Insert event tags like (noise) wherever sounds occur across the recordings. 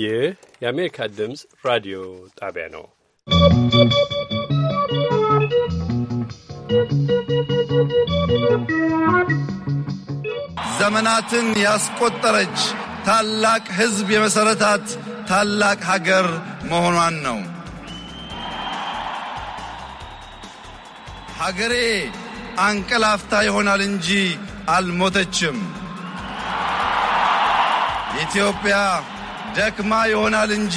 ይህ የአሜሪካ ድምፅ ራዲዮ ጣቢያ ነው። ዘመናትን ያስቆጠረች ታላቅ ሕዝብ የመሠረታት ታላቅ ሀገር መሆኗን ነው። ሀገሬ አንቀላፍታ ይሆናል እንጂ አልሞተችም። የኢትዮጵያ ደክማ ይሆናል እንጂ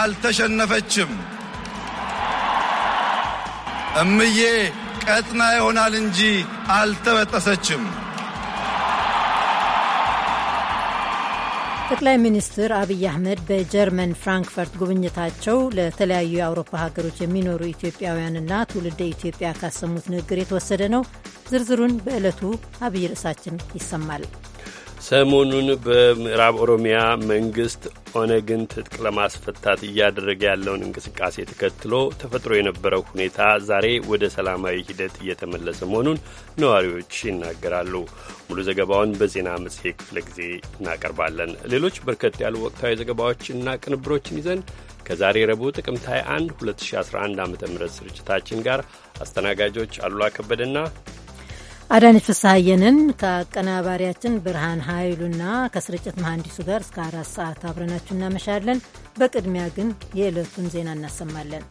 አልተሸነፈችም። እምዬ ቀጥና ይሆናል እንጂ አልተበጠሰችም። ጠቅላይ ሚኒስትር አብይ አህመድ በጀርመን ፍራንክፈርት ጉብኝታቸው ለተለያዩ የአውሮፓ ሀገሮች የሚኖሩ ኢትዮጵያውያንና ትውልደ ኢትዮጵያ ካሰሙት ንግግር የተወሰደ ነው። ዝርዝሩን በዕለቱ አብይ ርዕሳችን ይሰማል። ሰሞኑን በምዕራብ ኦሮሚያ መንግስት ኦነግን ትጥቅ ለማስፈታት እያደረገ ያለውን እንቅስቃሴ ተከትሎ ተፈጥሮ የነበረው ሁኔታ ዛሬ ወደ ሰላማዊ ሂደት እየተመለሰ መሆኑን ነዋሪዎች ይናገራሉ። ሙሉ ዘገባውን በዜና መጽሔት ክፍለ ጊዜ እናቀርባለን። ሌሎች በርከት ያሉ ወቅታዊ ዘገባዎችና ቅንብሮችን ይዘን ከዛሬ ረቡዕ ጥቅምት 21 2011 ዓ ም ስርጭታችን ጋር አስተናጋጆች አሉላ ከበደና አዳነች ፍስሐየንን ከአቀናባሪያችን ብርሃን ኃይሉና ከስርጭት መሐንዲሱ ጋር እስከ አራት ሰዓት አብረናችሁ እናመሻለን። በቅድሚያ ግን የዕለቱን ዜና እናሰማለን።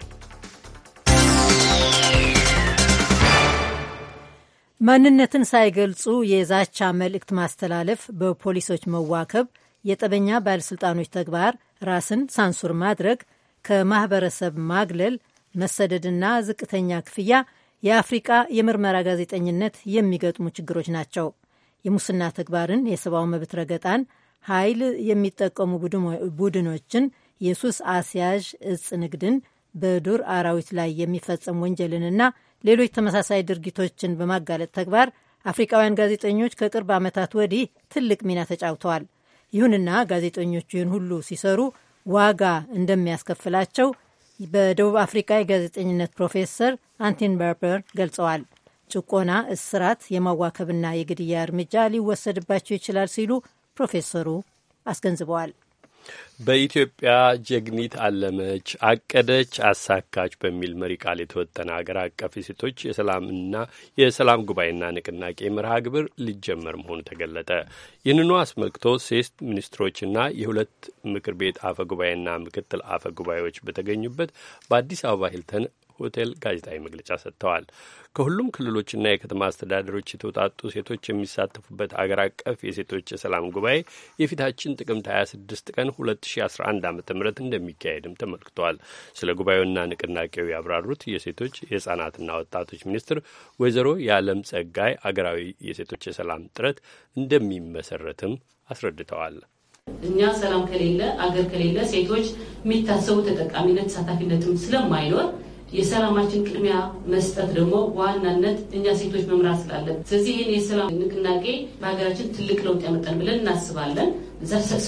ማንነትን ሳይገልጹ የዛቻ መልእክት ማስተላለፍ፣ በፖሊሶች መዋከብ፣ የጠበኛ ባለሥልጣኖች ተግባር፣ ራስን ሳንሱር ማድረግ፣ ከማኅበረሰብ ማግለል፣ መሰደድና ዝቅተኛ ክፍያ የአፍሪቃ የምርመራ ጋዜጠኝነት የሚገጥሙ ችግሮች ናቸው። የሙስና ተግባርን፣ የሰብአዊ መብት ረገጣን፣ ኃይል የሚጠቀሙ ቡድኖችን፣ የሱስ አስያዥ እጽ ንግድን፣ በዱር አራዊት ላይ የሚፈጸም ወንጀልንና ሌሎች ተመሳሳይ ድርጊቶችን በማጋለጥ ተግባር አፍሪካውያን ጋዜጠኞች ከቅርብ ዓመታት ወዲህ ትልቅ ሚና ተጫውተዋል። ይሁንና ጋዜጠኞቹ ይህን ሁሉ ሲሰሩ ዋጋ እንደሚያስከፍላቸው በደቡብ አፍሪካ የጋዜጠኝነት ፕሮፌሰር አንቲን በርበር ገልጸዋል። ጭቆና፣ እስራት፣ የማዋከብና የግድያ እርምጃ ሊወሰድባቸው ይችላል ሲሉ ፕሮፌሰሩ አስገንዝበዋል። በኢትዮጵያ ጀግኒት አለመች፣ አቀደች፣ አሳካች በሚል መሪ ቃል የተወጠነ አገር አቀፍ የሴቶች የሰላምና የሰላም ጉባኤና ንቅናቄ መርሃ ግብር ሊጀመር መሆኑ ተገለጠ። ይህንኑ አስመልክቶ ሴት ሚኒስትሮችና የሁለት ምክር ቤት አፈ ጉባኤና ምክትል አፈ ጉባኤዎች በተገኙበት በአዲስ አበባ ሂልተን ሆቴል ጋዜጣዊ መግለጫ ሰጥተዋል። ከሁሉም ክልሎችና የከተማ አስተዳደሮች የተውጣጡ ሴቶች የሚሳተፉበት አገር አቀፍ የሴቶች የሰላም ጉባኤ የፊታችን ጥቅምት 26 ቀን 2011 ዓ ም እንደሚካሄድም ተመልክቷል። ስለ ጉባኤውና ንቅናቄው ያብራሩት የሴቶች የህጻናትና ወጣቶች ሚኒስትር ወይዘሮ የዓለም ጸጋይ አገራዊ የሴቶች የሰላም ጥረት እንደሚመሰረትም አስረድተዋል። እኛ ሰላም ከሌለ አገር ከሌለ ሴቶች የሚታሰቡ ተጠቃሚነት፣ ተሳታፊነትም ስለማይኖር የሰላማችን ቅድሚያ መስጠት ደግሞ በዋናነት እኛ ሴቶች መምራት ስላለን፣ ስለዚህ ይህን የሰላም ንቅናቄ በሀገራችን ትልቅ ለውጥ ያመጣል ብለን እናስባለን።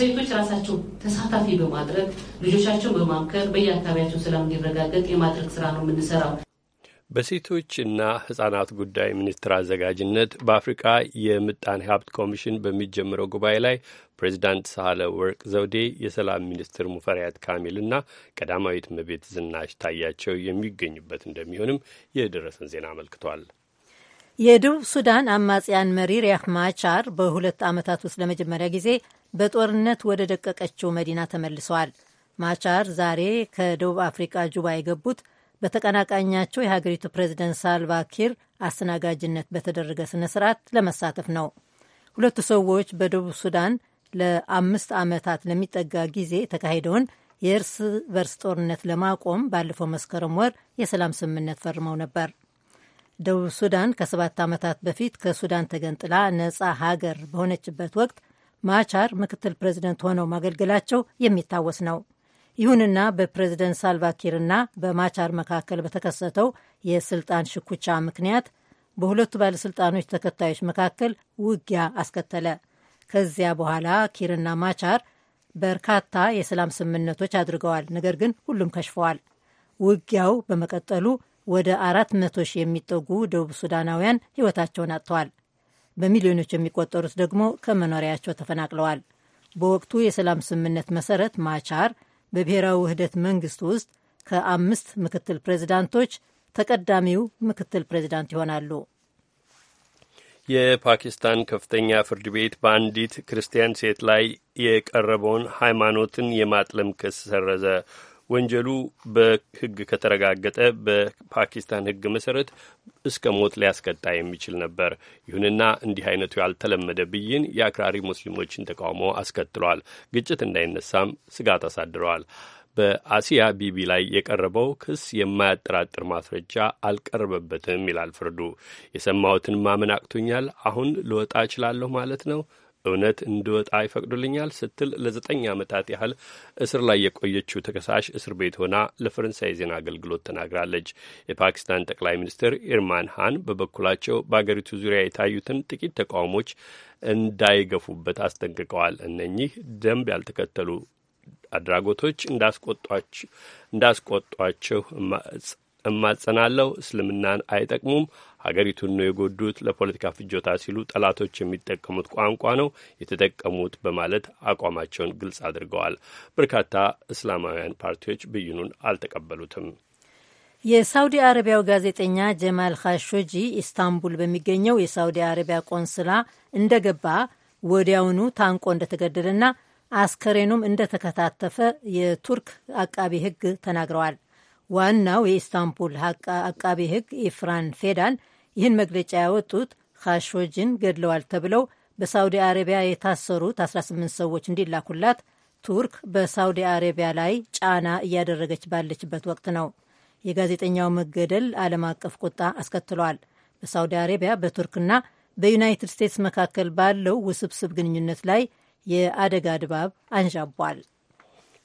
ሴቶች ራሳቸው ተሳታፊ በማድረግ ልጆቻቸውን በማምከር በየአካባቢያቸው ሰላም እንዲረጋገጥ የማድረግ ስራ ነው የምንሰራው። በሴቶችና ሕጻናት ጉዳይ ሚኒስቴር አዘጋጅነት በአፍሪቃ የምጣኔ ሀብት ኮሚሽን በሚጀምረው ጉባኤ ላይ ፕሬዚዳንት ሳህለ ወርቅ ዘውዴ፣ የሰላም ሚኒስትር ሙፈሪያት ካሚልና ቀዳማዊት እመቤት ዝናሽ ታያቸው የሚገኙበት እንደሚሆንም የደረሰን ዜና አመልክቷል። የደቡብ ሱዳን አማጽያን መሪ ሪያክ ማቻር በሁለት ዓመታት ውስጥ ለመጀመሪያ ጊዜ በጦርነት ወደ ደቀቀችው መዲና ተመልሰዋል። ማቻር ዛሬ ከደቡብ አፍሪቃ ጁባ የገቡት በተቀናቃኛቸው የሀገሪቱ ፕሬዚደንት ሳልቫ ኪር አስተናጋጅነት በተደረገ ስነ ስርዓት ለመሳተፍ ነው። ሁለቱ ሰዎች በደቡብ ሱዳን ለአምስት ዓመታት ለሚጠጋ ጊዜ የተካሄደውን የእርስ በርስ ጦርነት ለማቆም ባለፈው መስከረም ወር የሰላም ስምምነት ፈርመው ነበር። ደቡብ ሱዳን ከሰባት ዓመታት በፊት ከሱዳን ተገንጥላ ነጻ ሀገር በሆነችበት ወቅት ማቻር ምክትል ፕሬዚደንት ሆነው ማገልገላቸው የሚታወስ ነው። ይሁንና በፕሬዝደንት ሳልቫኪርና በማቻር መካከል በተከሰተው የስልጣን ሽኩቻ ምክንያት በሁለቱ ባለሥልጣኖች ተከታዮች መካከል ውጊያ አስከተለ። ከዚያ በኋላ ኪርና ማቻር በርካታ የሰላም ስምምነቶች አድርገዋል። ነገር ግን ሁሉም ከሽፈዋል። ውጊያው በመቀጠሉ ወደ አራት መቶ ሺህ የሚጠጉ ደቡብ ሱዳናውያን ሕይወታቸውን አጥተዋል። በሚሊዮኖች የሚቆጠሩት ደግሞ ከመኖሪያቸው ተፈናቅለዋል። በወቅቱ የሰላም ስምምነት መሰረት ማቻር በብሔራዊ ውህደት መንግስት ውስጥ ከአምስት ምክትል ፕሬዚዳንቶች ተቀዳሚው ምክትል ፕሬዚዳንት ይሆናሉ። የፓኪስታን ከፍተኛ ፍርድ ቤት በአንዲት ክርስቲያን ሴት ላይ የቀረበውን ሃይማኖትን የማጥለም ክስ ሰረዘ። ወንጀሉ በሕግ ከተረጋገጠ በፓኪስታን ሕግ መሰረት እስከ ሞት ሊያስቀጣ የሚችል ነበር። ይሁንና እንዲህ አይነቱ ያልተለመደ ብይን የአክራሪ ሙስሊሞችን ተቃውሞ አስከትሏል። ግጭት እንዳይነሳም ስጋት አሳድረዋል። በአሲያ ቢቢ ላይ የቀረበው ክስ የማያጠራጥር ማስረጃ አልቀረበበትም ይላል ፍርዱ። የሰማሁትን ማመን አቅቶኛል፣ አሁን ልወጣ እችላለሁ ማለት ነው እውነት እንድወጣ ይፈቅዱልኛል ስትል ለዘጠኝ ዓመታት ያህል እስር ላይ የቆየችው ተከሳሽ እስር ቤት ሆና ለፈረንሳይ ዜና አገልግሎት ተናግራለች። የፓኪስታን ጠቅላይ ሚኒስትር ኢርማን ሃን በበኩላቸው በአገሪቱ ዙሪያ የታዩትን ጥቂት ተቃውሞች እንዳይገፉበት አስጠንቅቀዋል። እነኚህ ደንብ ያልተከተሉ አድራጎቶች እንዳስቆጧቸው እማጸናለሁ፣ እስልምናን አይጠቅሙም ሀገሪቱን ነው የጎዱት፣ ለፖለቲካ ፍጆታ ሲሉ ጠላቶች የሚጠቀሙት ቋንቋ ነው የተጠቀሙት በማለት አቋማቸውን ግልጽ አድርገዋል። በርካታ እስላማውያን ፓርቲዎች ብይኑን አልተቀበሉትም። የሳውዲ አረቢያው ጋዜጠኛ ጀማል ካሾጂ ኢስታንቡል በሚገኘው የሳውዲ አረቢያ ቆንስላ እንደገባ ወዲያውኑ ታንቆ እንደተገደለና አስከሬኑም እንደተከታተፈ የቱርክ አቃቢ ሕግ ተናግረዋል። ዋናው የኢስታንቡል አቃቢ ሕግ ኢፍራን ፌዳን ይህን መግለጫ ያወጡት ካሾጅን ገድለዋል ተብለው በሳውዲ አረቢያ የታሰሩት 18 ሰዎች እንዲላኩላት ቱርክ በሳውዲ አረቢያ ላይ ጫና እያደረገች ባለችበት ወቅት ነው። የጋዜጠኛው መገደል ዓለም አቀፍ ቁጣ አስከትሏል። በሳውዲ አረቢያ በቱርክና በዩናይትድ ስቴትስ መካከል ባለው ውስብስብ ግንኙነት ላይ የአደጋ ድባብ አንዣቧል።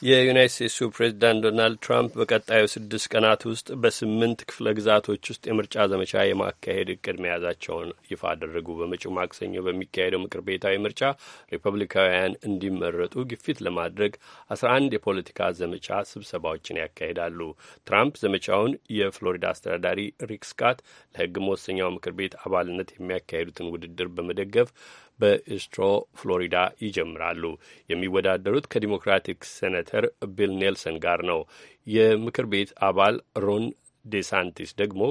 የዩናይት ስቴትሱ ፕሬዚዳንት ዶናልድ ትራምፕ በቀጣዩ ስድስት ቀናት ውስጥ በስምንት ክፍለ ግዛቶች ውስጥ የምርጫ ዘመቻ የማካሄድ እቅድ መያዛቸውን ይፋ አደረጉ። በመጪው ማክሰኞ በሚካሄደው ምክር ቤታዊ ምርጫ ሪፐብሊካውያን እንዲመረጡ ግፊት ለማድረግ አስራ አንድ የፖለቲካ ዘመቻ ስብሰባዎችን ያካሂዳሉ። ትራምፕ ዘመቻውን የፍሎሪዳ አስተዳዳሪ ሪክ ስካት ለሕግ መወሰኛው ምክር ቤት አባልነት የሚያካሄዱትን ውድድር በመደገፍ በኢስትሮ ፍሎሪዳ ይጀምራሉ። የሚወዳደሩት ከዲሞክራቲክ ሴኔተር ቢል ኔልሰን ጋር ነው። የምክር ቤት አባል ሮን ዴሳንቲስ ደግሞ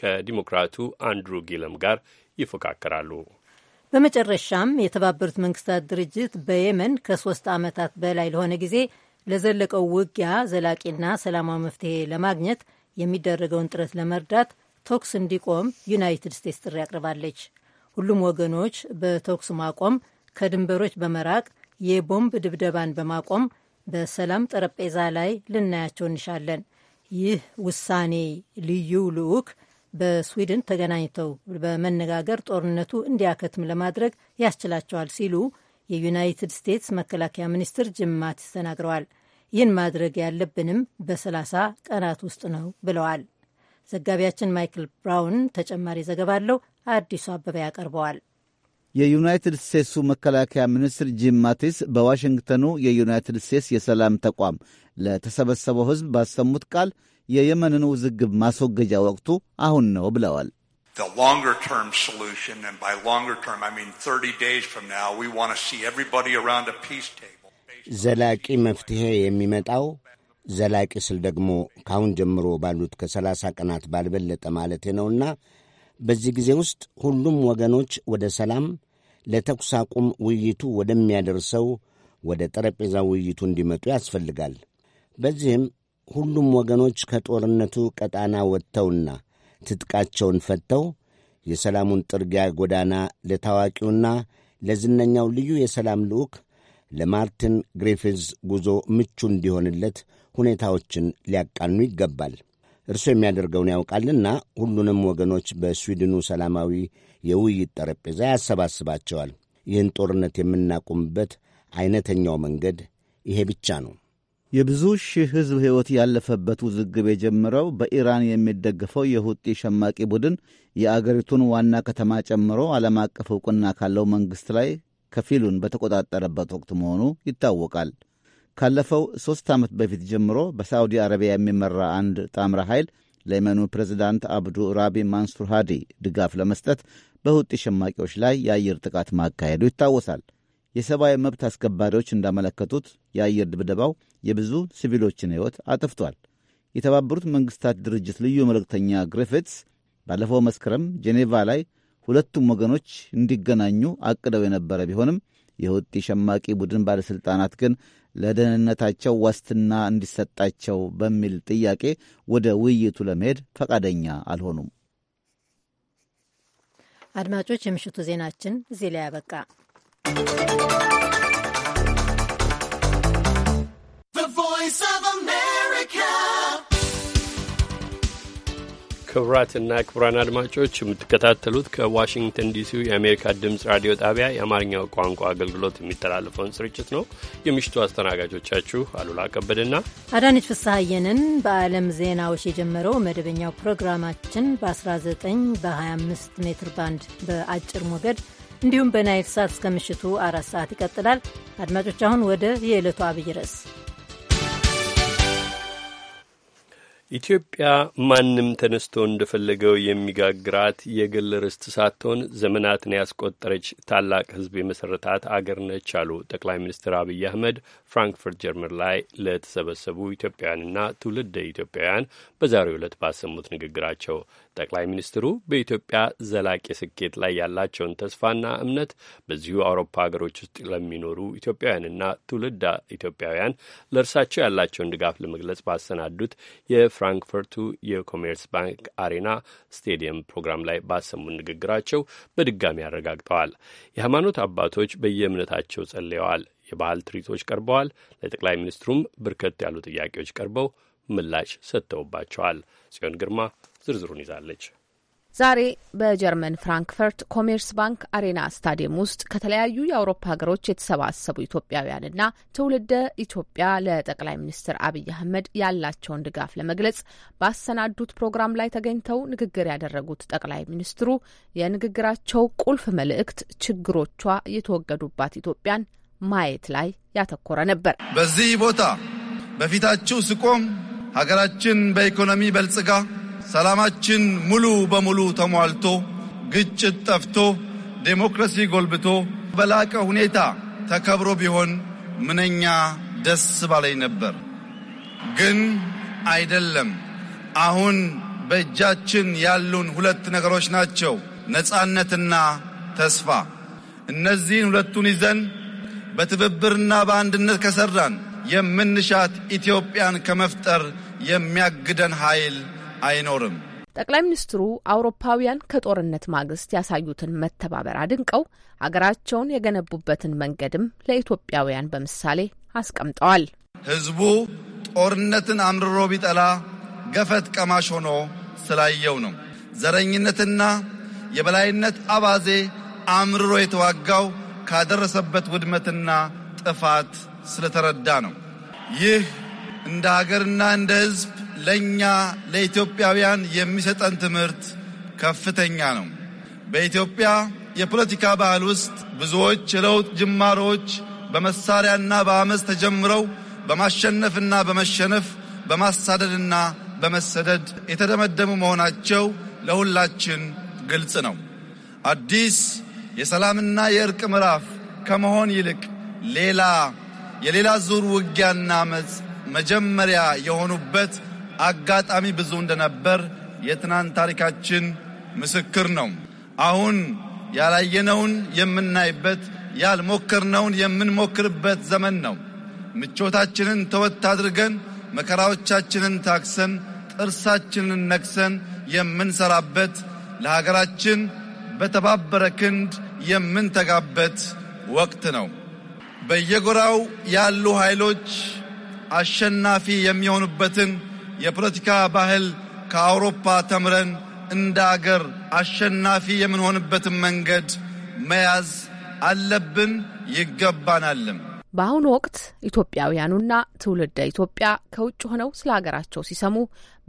ከዲሞክራቱ አንድሩ ጊለም ጋር ይፎካከራሉ። በመጨረሻም የተባበሩት መንግስታት ድርጅት በየመን ከሶስት ዓመታት በላይ ለሆነ ጊዜ ለዘለቀው ውጊያ ዘላቂና ሰላማዊ መፍትሄ ለማግኘት የሚደረገውን ጥረት ለመርዳት ተኩስ እንዲቆም ዩናይትድ ስቴትስ ጥሪ አቅርባለች። ሁሉም ወገኖች በተኩስ ማቆም ከድንበሮች በመራቅ የቦምብ ድብደባን በማቆም በሰላም ጠረጴዛ ላይ ልናያቸው እንሻለን። ይህ ውሳኔ ልዩ ልዑክ በስዊድን ተገናኝተው በመነጋገር ጦርነቱ እንዲያከትም ለማድረግ ያስችላቸዋል ሲሉ የዩናይትድ ስቴትስ መከላከያ ሚኒስትር ጅም ማቲስ ተናግረዋል። ይህን ማድረግ ያለብንም በሰላሳ ቀናት ውስጥ ነው ብለዋል። ዘጋቢያችን ማይክል ብራውን ተጨማሪ ዘገባ አለው። አዲሱ አበበ ያቀርበዋል። የዩናይትድ ስቴትሱ መከላከያ ሚኒስትር ጂም ማቲስ በዋሽንግተኑ የዩናይትድ ስቴትስ የሰላም ተቋም ለተሰበሰበው ሕዝብ ባሰሙት ቃል የየመንን ውዝግብ ማስወገጃ ወቅቱ አሁን ነው ብለዋል። ዘላቂ መፍትሄ የሚመጣው ዘላቂ ስል ደግሞ ካሁን ጀምሮ ባሉት ከሰላሳ ቀናት ባልበለጠ ማለቴ ነውና በዚህ ጊዜ ውስጥ ሁሉም ወገኖች ወደ ሰላም ለተኩስ አቁም ውይይቱ ወደሚያደርሰው ወደ ጠረጴዛ ውይይቱ እንዲመጡ ያስፈልጋል። በዚህም ሁሉም ወገኖች ከጦርነቱ ቀጣና ወጥተውና ትጥቃቸውን ፈተው የሰላሙን ጥርጊያ ጎዳና ለታዋቂውና ለዝነኛው ልዩ የሰላም ልዑክ ለማርቲን ግሪፊዝ ጉዞ ምቹ እንዲሆንለት ሁኔታዎችን ሊያቃኑ ይገባል። እርስ የሚያደርገውን ያውቃልና ሁሉንም ወገኖች በስዊድኑ ሰላማዊ የውይይት ጠረጴዛ ያሰባስባቸዋል። ይህን ጦርነት የምናቁምበት አይነተኛው መንገድ ይሄ ብቻ ነው። የብዙ ሺህ ሕዝብ ሕይወት ያለፈበት ውዝግብ የጀመረው በኢራን የሚደግፈው የሁጢ ሸማቂ ቡድን የአገሪቱን ዋና ከተማ ጨምሮ ዓለም አቀፍ ዕውቅና ካለው መንግሥት ላይ ከፊሉን በተቆጣጠረበት ወቅት መሆኑ ይታወቃል። ካለፈው ሦስት ዓመት በፊት ጀምሮ በሳዑዲ አረቢያ የሚመራ አንድ ጣምራ ኃይል ለየመኑ ፕሬዚዳንት አብዱ ራቢ ማንሱር ሃዲ ድጋፍ ለመስጠት በሁጢ ሸማቂዎች ላይ የአየር ጥቃት ማካሄዱ ይታወሳል። የሰብአዊ መብት አስከባሪዎች እንዳመለከቱት የአየር ድብደባው የብዙ ሲቪሎችን ሕይወት አጥፍቷል። የተባበሩት መንግሥታት ድርጅት ልዩ መልእክተኛ ግሪፊትስ ባለፈው መስከረም ጄኔቫ ላይ ሁለቱም ወገኖች እንዲገናኙ አቅደው የነበረ ቢሆንም የሁጢ ሸማቂ ቡድን ባለሥልጣናት ግን ለደህንነታቸው ዋስትና እንዲሰጣቸው በሚል ጥያቄ ወደ ውይይቱ ለመሄድ ፈቃደኛ አልሆኑም። አድማጮች፣ የምሽቱ ዜናችን እዚህ ላይ ያበቃ። ቮይስ ክቡራትና ክቡራን አድማጮች የምትከታተሉት ከዋሽንግተን ዲሲው የአሜሪካ ድምፅ ራዲዮ ጣቢያ የአማርኛው ቋንቋ አገልግሎት የሚተላለፈውን ስርጭት ነው። የምሽቱ አስተናጋጆቻችሁ አሉላ ከበደና አዳነች ፍስሐየንን በዓለም ዜናዎች የጀመረው መደበኛው ፕሮግራማችን በ19 በ25 ሜትር ባንድ በአጭር ሞገድ እንዲሁም በናይል ሳት እስከ ምሽቱ አራት ሰዓት ይቀጥላል። አድማጮች አሁን ወደ የዕለቱ አብይ ርዕስ ኢትዮጵያ ማንም ተነስቶ እንደፈለገው የሚጋግራት የግል ርስት ሳትሆን ዘመናትን ያስቆጠረች ታላቅ ሕዝብ የመሰረታት አገር ነች አሉ ጠቅላይ ሚኒስትር አብይ አህመድ ፍራንክፈርት ጀርመን ላይ ለተሰበሰቡ ኢትዮጵያውያንና ትውልደ ኢትዮጵያውያን በዛሬው ዕለት ባሰሙት ንግግራቸው ጠቅላይ ሚኒስትሩ በኢትዮጵያ ዘላቂ ስኬት ላይ ያላቸውን ተስፋና እምነት በዚሁ አውሮፓ ሀገሮች ውስጥ ለሚኖሩ ኢትዮጵያውያንና ትውልደ ኢትዮጵያውያን ለእርሳቸው ያላቸውን ድጋፍ ለመግለጽ ባሰናዱት የፍራንክፈርቱ የኮሜርስ ባንክ አሬና ስቴዲየም ፕሮግራም ላይ ባሰሙ ንግግራቸው በድጋሚ አረጋግጠዋል። የሃይማኖት አባቶች በየእምነታቸው ጸልየዋል። የባህል ትርኢቶች ቀርበዋል። ለጠቅላይ ሚኒስትሩም በርከት ያሉ ጥያቄዎች ቀርበው ምላሽ ሰጥተውባቸዋል። ጽዮን ግርማ ዝርዝሩን ይዛለች። ዛሬ በጀርመን ፍራንክፈርት ኮሜርስ ባንክ አሬና ስታዲየም ውስጥ ከተለያዩ የአውሮፓ ሀገሮች የተሰባሰቡ ኢትዮጵያውያንና ትውልደ ኢትዮጵያ ለጠቅላይ ሚኒስትር አብይ አህመድ ያላቸውን ድጋፍ ለመግለጽ ባሰናዱት ፕሮግራም ላይ ተገኝተው ንግግር ያደረጉት ጠቅላይ ሚኒስትሩ የንግግራቸው ቁልፍ መልእክት ችግሮቿ የተወገዱባት ኢትዮጵያን ማየት ላይ ያተኮረ ነበር። በዚህ ቦታ በፊታችሁ ስቆም ሀገራችን በኢኮኖሚ በልጽጋ ሰላማችን ሙሉ በሙሉ ተሟልቶ ግጭት ጠፍቶ ዴሞክራሲ ጎልብቶ በላቀ ሁኔታ ተከብሮ ቢሆን ምንኛ ደስ ባለኝ ነበር። ግን አይደለም። አሁን በእጃችን ያሉን ሁለት ነገሮች ናቸው፣ ነጻነትና ተስፋ። እነዚህን ሁለቱን ይዘን በትብብርና በአንድነት ከሰራን የምንሻት ኢትዮጵያን ከመፍጠር የሚያግደን ኃይል አይኖርም። ጠቅላይ ሚኒስትሩ አውሮፓውያን ከጦርነት ማግስት ያሳዩትን መተባበር አድንቀው አገራቸውን የገነቡበትን መንገድም ለኢትዮጵያውያን በምሳሌ አስቀምጠዋል። ሕዝቡ ጦርነትን አምርሮ ቢጠላ ገፈት ቀማሽ ሆኖ ስላየው ነው። ዘረኝነትና የበላይነት አባዜ አምርሮ የተዋጋው ካደረሰበት ውድመትና ጥፋት ስለተረዳ ነው። ይህ እንደ ሀገርና እንደ ሕዝብ ለእኛ ለኢትዮጵያውያን የሚሰጠን ትምህርት ከፍተኛ ነው። በኢትዮጵያ የፖለቲካ ባህል ውስጥ ብዙዎች የለውጥ ጅማሮዎች በመሳሪያና በአመፅ ተጀምረው በማሸነፍና በመሸነፍ በማሳደድና በመሰደድ የተደመደሙ መሆናቸው ለሁላችን ግልጽ ነው። አዲስ የሰላምና የእርቅ ምዕራፍ ከመሆን ይልቅ ሌላ የሌላ ዙር ውጊያና አመፅ መጀመሪያ የሆኑበት አጋጣሚ ብዙ እንደነበር የትናንት ታሪካችን ምስክር ነው። አሁን ያላየነውን የምናይበት፣ ያልሞከርነውን የምንሞክርበት ዘመን ነው። ምቾታችንን ተወት አድርገን መከራዎቻችንን ታክሰን ጥርሳችንን ነክሰን የምንሰራበት ለሀገራችን በተባበረ ክንድ የምንተጋበት ወቅት ነው። በየጎራው ያሉ ኃይሎች አሸናፊ የሚሆኑበትን የፖለቲካ ባህል ከአውሮፓ ተምረን እንደ አገር አሸናፊ የምንሆንበትን መንገድ መያዝ አለብን ይገባናልም። በአሁኑ ወቅት ኢትዮጵያውያኑና ትውልደ ኢትዮጵያ ከውጭ ሆነው ስለ ሀገራቸው ሲሰሙ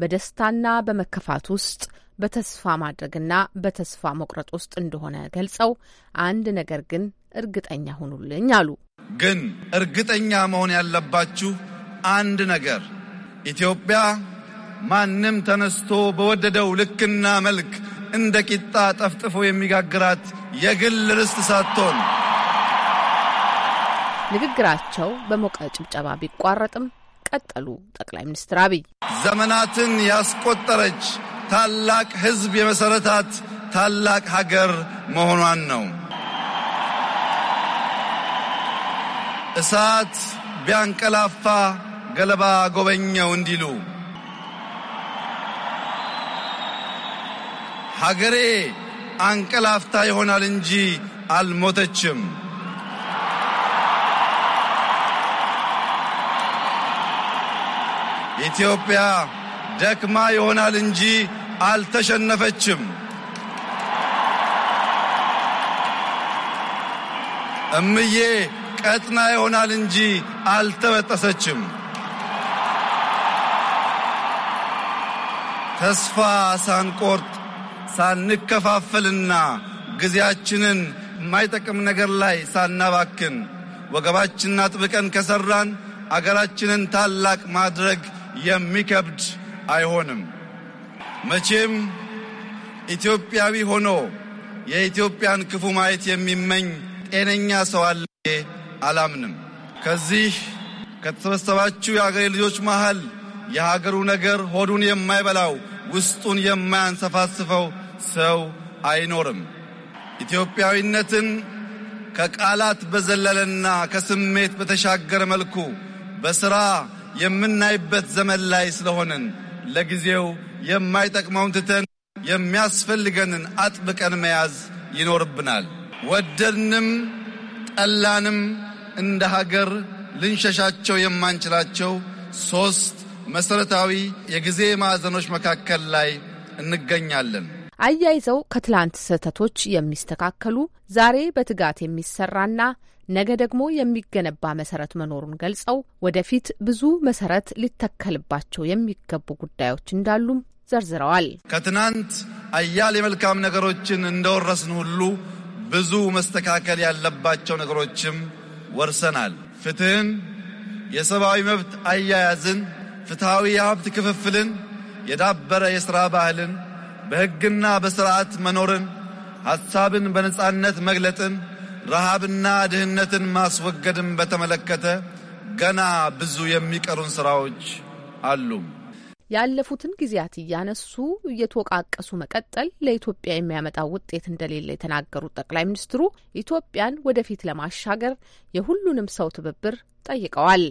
በደስታና በመከፋት ውስጥ በተስፋ ማድረግና በተስፋ መቁረጥ ውስጥ እንደሆነ ገልጸው አንድ ነገር ግን እርግጠኛ ሆኑልኝ አሉ። ግን እርግጠኛ መሆን ያለባችሁ አንድ ነገር ኢትዮጵያ ማንም ተነስቶ በወደደው ልክና መልክ እንደ ቂጣ ጠፍጥፎ የሚጋግራት የግል ርስት ሳትሆን ንግግራቸው በሞቀ ጭብጨባ ቢቋረጥም ቀጠሉ። ጠቅላይ ሚኒስትር አብይ ዘመናትን ያስቆጠረች ታላቅ ሕዝብ የመሰረታት ታላቅ ሀገር መሆኗን ነው። እሳት ቢያንቀላፋ ገለባ ጎበኛው እንዲሉ ሀገሬ አንቀላፍታ ይሆናል እንጂ አልሞተችም። ኢትዮጵያ ደክማ ይሆናል እንጂ አልተሸነፈችም። እምዬ ቀጥና ይሆናል እንጂ አልተበጠሰችም። ተስፋ ሳንቆርጥ ሳንከፋፈልና ጊዜያችንን የማይጠቅም ነገር ላይ ሳናባክን ወገባችንን አጥብቀን ከሠራን አገራችንን ታላቅ ማድረግ የሚከብድ አይሆንም። መቼም ኢትዮጵያዊ ሆኖ የኢትዮጵያን ክፉ ማየት የሚመኝ ጤነኛ ሰው አለ አላምንም። ከዚህ ከተሰበሰባችሁ የአገሬ ልጆች መሃል የሀገሩ ነገር ሆዱን የማይበላው ውስጡን የማያንሰፋስፈው ሰው አይኖርም። ኢትዮጵያዊነትን ከቃላት በዘለለና ከስሜት በተሻገረ መልኩ በሥራ የምናይበት ዘመን ላይ ስለሆንን ለጊዜው የማይጠቅመውን ትተን የሚያስፈልገንን አጥብቀን መያዝ ይኖርብናል። ወደድንም ጠላንም እንደ ሀገር ልንሸሻቸው የማንችላቸው ሦስት መሰረታዊ የጊዜ ማዕዘኖች መካከል ላይ እንገኛለን። አያይዘው ከትላንት ስህተቶች የሚስተካከሉ ዛሬ በትጋት የሚሰራና ነገ ደግሞ የሚገነባ መሰረት መኖሩን ገልጸው ወደፊት ብዙ መሰረት ሊተከልባቸው የሚገቡ ጉዳዮች እንዳሉም ዘርዝረዋል። ከትናንት አያሌ መልካም ነገሮችን እንደወረስን ሁሉ ብዙ መስተካከል ያለባቸው ነገሮችም ወርሰናል። ፍትህን፣ የሰብአዊ መብት አያያዝን፣ ፍትሐዊ የሀብት ክፍፍልን፣ የዳበረ የሥራ ባህልን፣ በሕግና በሥርዓት መኖርን፣ ሐሳብን በነጻነት መግለጥን፣ ረሃብና ድህነትን ማስወገድን በተመለከተ ገና ብዙ የሚቀሩን ሥራዎች አሉ። ያለፉትን ጊዜያት እያነሱ እየተወቃቀሱ መቀጠል ለኢትዮጵያ የሚያመጣ ውጤት እንደሌለ የተናገሩት ጠቅላይ ሚኒስትሩ ኢትዮጵያን ወደፊት ለማሻገር የሁሉንም ሰው ትብብር ጠይቀዋል።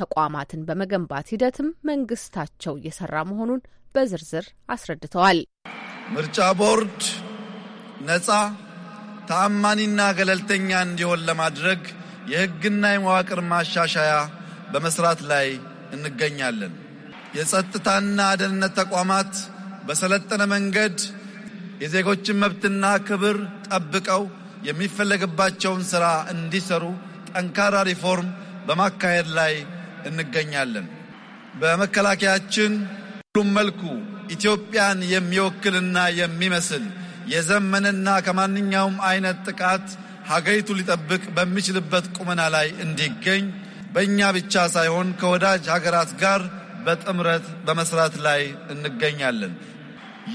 ተቋማትን በመገንባት ሂደትም መንግስታቸው እየሰራ መሆኑን በዝርዝር አስረድተዋል። ምርጫ ቦርድ ነጻ ተአማኒና ገለልተኛ እንዲሆን ለማድረግ የህግና የመዋቅር ማሻሻያ በመስራት ላይ እንገኛለን። የጸጥታና ደህንነት ተቋማት በሰለጠነ መንገድ የዜጎችን መብትና ክብር ጠብቀው የሚፈለግባቸውን ሥራ እንዲሰሩ ጠንካራ ሪፎርም በማካሄድ ላይ እንገኛለን። በመከላከያችን ሁሉም መልኩ ኢትዮጵያን የሚወክልና የሚመስል የዘመንና ከማንኛውም አይነት ጥቃት ሀገሪቱ ሊጠብቅ በሚችልበት ቁመና ላይ እንዲገኝ በእኛ ብቻ ሳይሆን ከወዳጅ ሀገራት ጋር በጥምረት በመስራት ላይ እንገኛለን።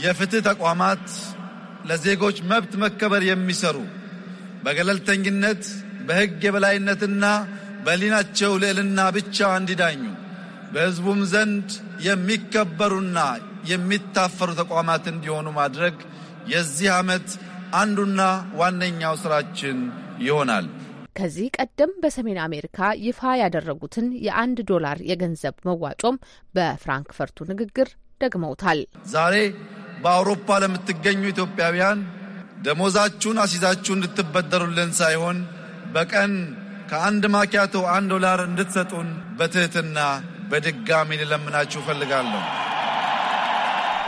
የፍትህ ተቋማት ለዜጎች መብት መከበር የሚሰሩ በገለልተኝነት በሕግ የበላይነትና በሊናቸው ልዕልና ብቻ እንዲዳኙ በሕዝቡም ዘንድ የሚከበሩና የሚታፈሩ ተቋማት እንዲሆኑ ማድረግ የዚህ ዓመት አንዱና ዋነኛው ስራችን ይሆናል። ከዚህ ቀደም በሰሜን አሜሪካ ይፋ ያደረጉትን የአንድ ዶላር የገንዘብ መዋጮም በፍራንክፈርቱ ንግግር ደግመውታል። ዛሬ በአውሮፓ ለምትገኙ ኢትዮጵያውያን ደሞዛችሁን አስይዛችሁ እንድትበደሩልን ሳይሆን በቀን ከአንድ ማኪያቶ አንድ ዶላር እንድትሰጡን በትህትና በድጋሚ ልለምናችሁ ፈልጋለሁ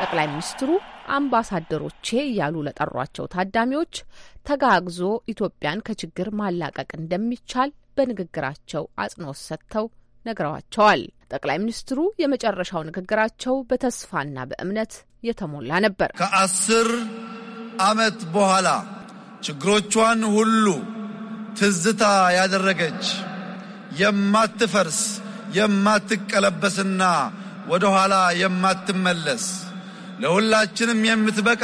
ጠቅላይ ሚኒስትሩ አምባሳደሮቼ እያሉ ለጠሯቸው ታዳሚዎች ተጋግዞ ኢትዮጵያን ከችግር ማላቀቅ እንደሚቻል በንግግራቸው አጽንኦት ሰጥተው ነግረዋቸዋል። ጠቅላይ ሚኒስትሩ የመጨረሻው ንግግራቸው በተስፋና በእምነት የተሞላ ነበር። ከአስር ዓመት በኋላ ችግሮቿን ሁሉ ትዝታ ያደረገች የማትፈርስ የማትቀለበስና ወደ ኋላ የማትመለስ ለሁላችንም የምትበቃ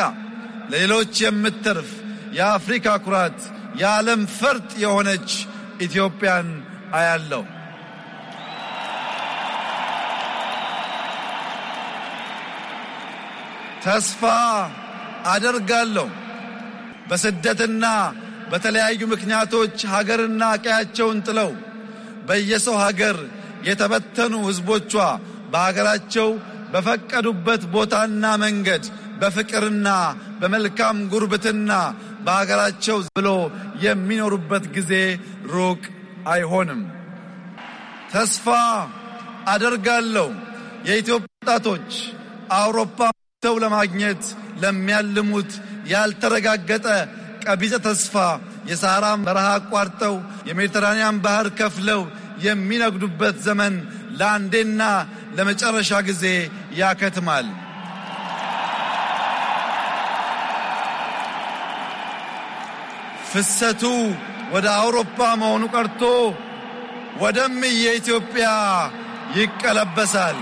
ለሌሎች የምትርፍ የአፍሪካ ኩራት የዓለም ፈርጥ የሆነች ኢትዮጵያን አያለው። ተስፋ አደርጋለሁ በስደትና በተለያዩ ምክንያቶች ሀገርና ቀያቸውን ጥለው በየሰው ሀገር የተበተኑ ሕዝቦቿ በሀገራቸው በፈቀዱበት ቦታና መንገድ በፍቅርና በመልካም ጉርብትና በሀገራቸው ብሎ የሚኖሩበት ጊዜ ሩቅ አይሆንም። ተስፋ አደርጋለሁ የኢትዮጵያ ወጣቶች አውሮፓ ተው ለማግኘት ለሚያልሙት ያልተረጋገጠ ቀቢጸ ተስፋ የሳራም በረሃ አቋርጠው የሜዲተራንያን ባህር ከፍለው የሚነግዱበት ዘመን ለአንዴና ለመጨረሻ ጊዜ ያከትማል። ፍሰቱ ወደ አውሮፓ መሆኑ ቀርቶ ወደም የኢትዮጵያ ይቀለበሳል።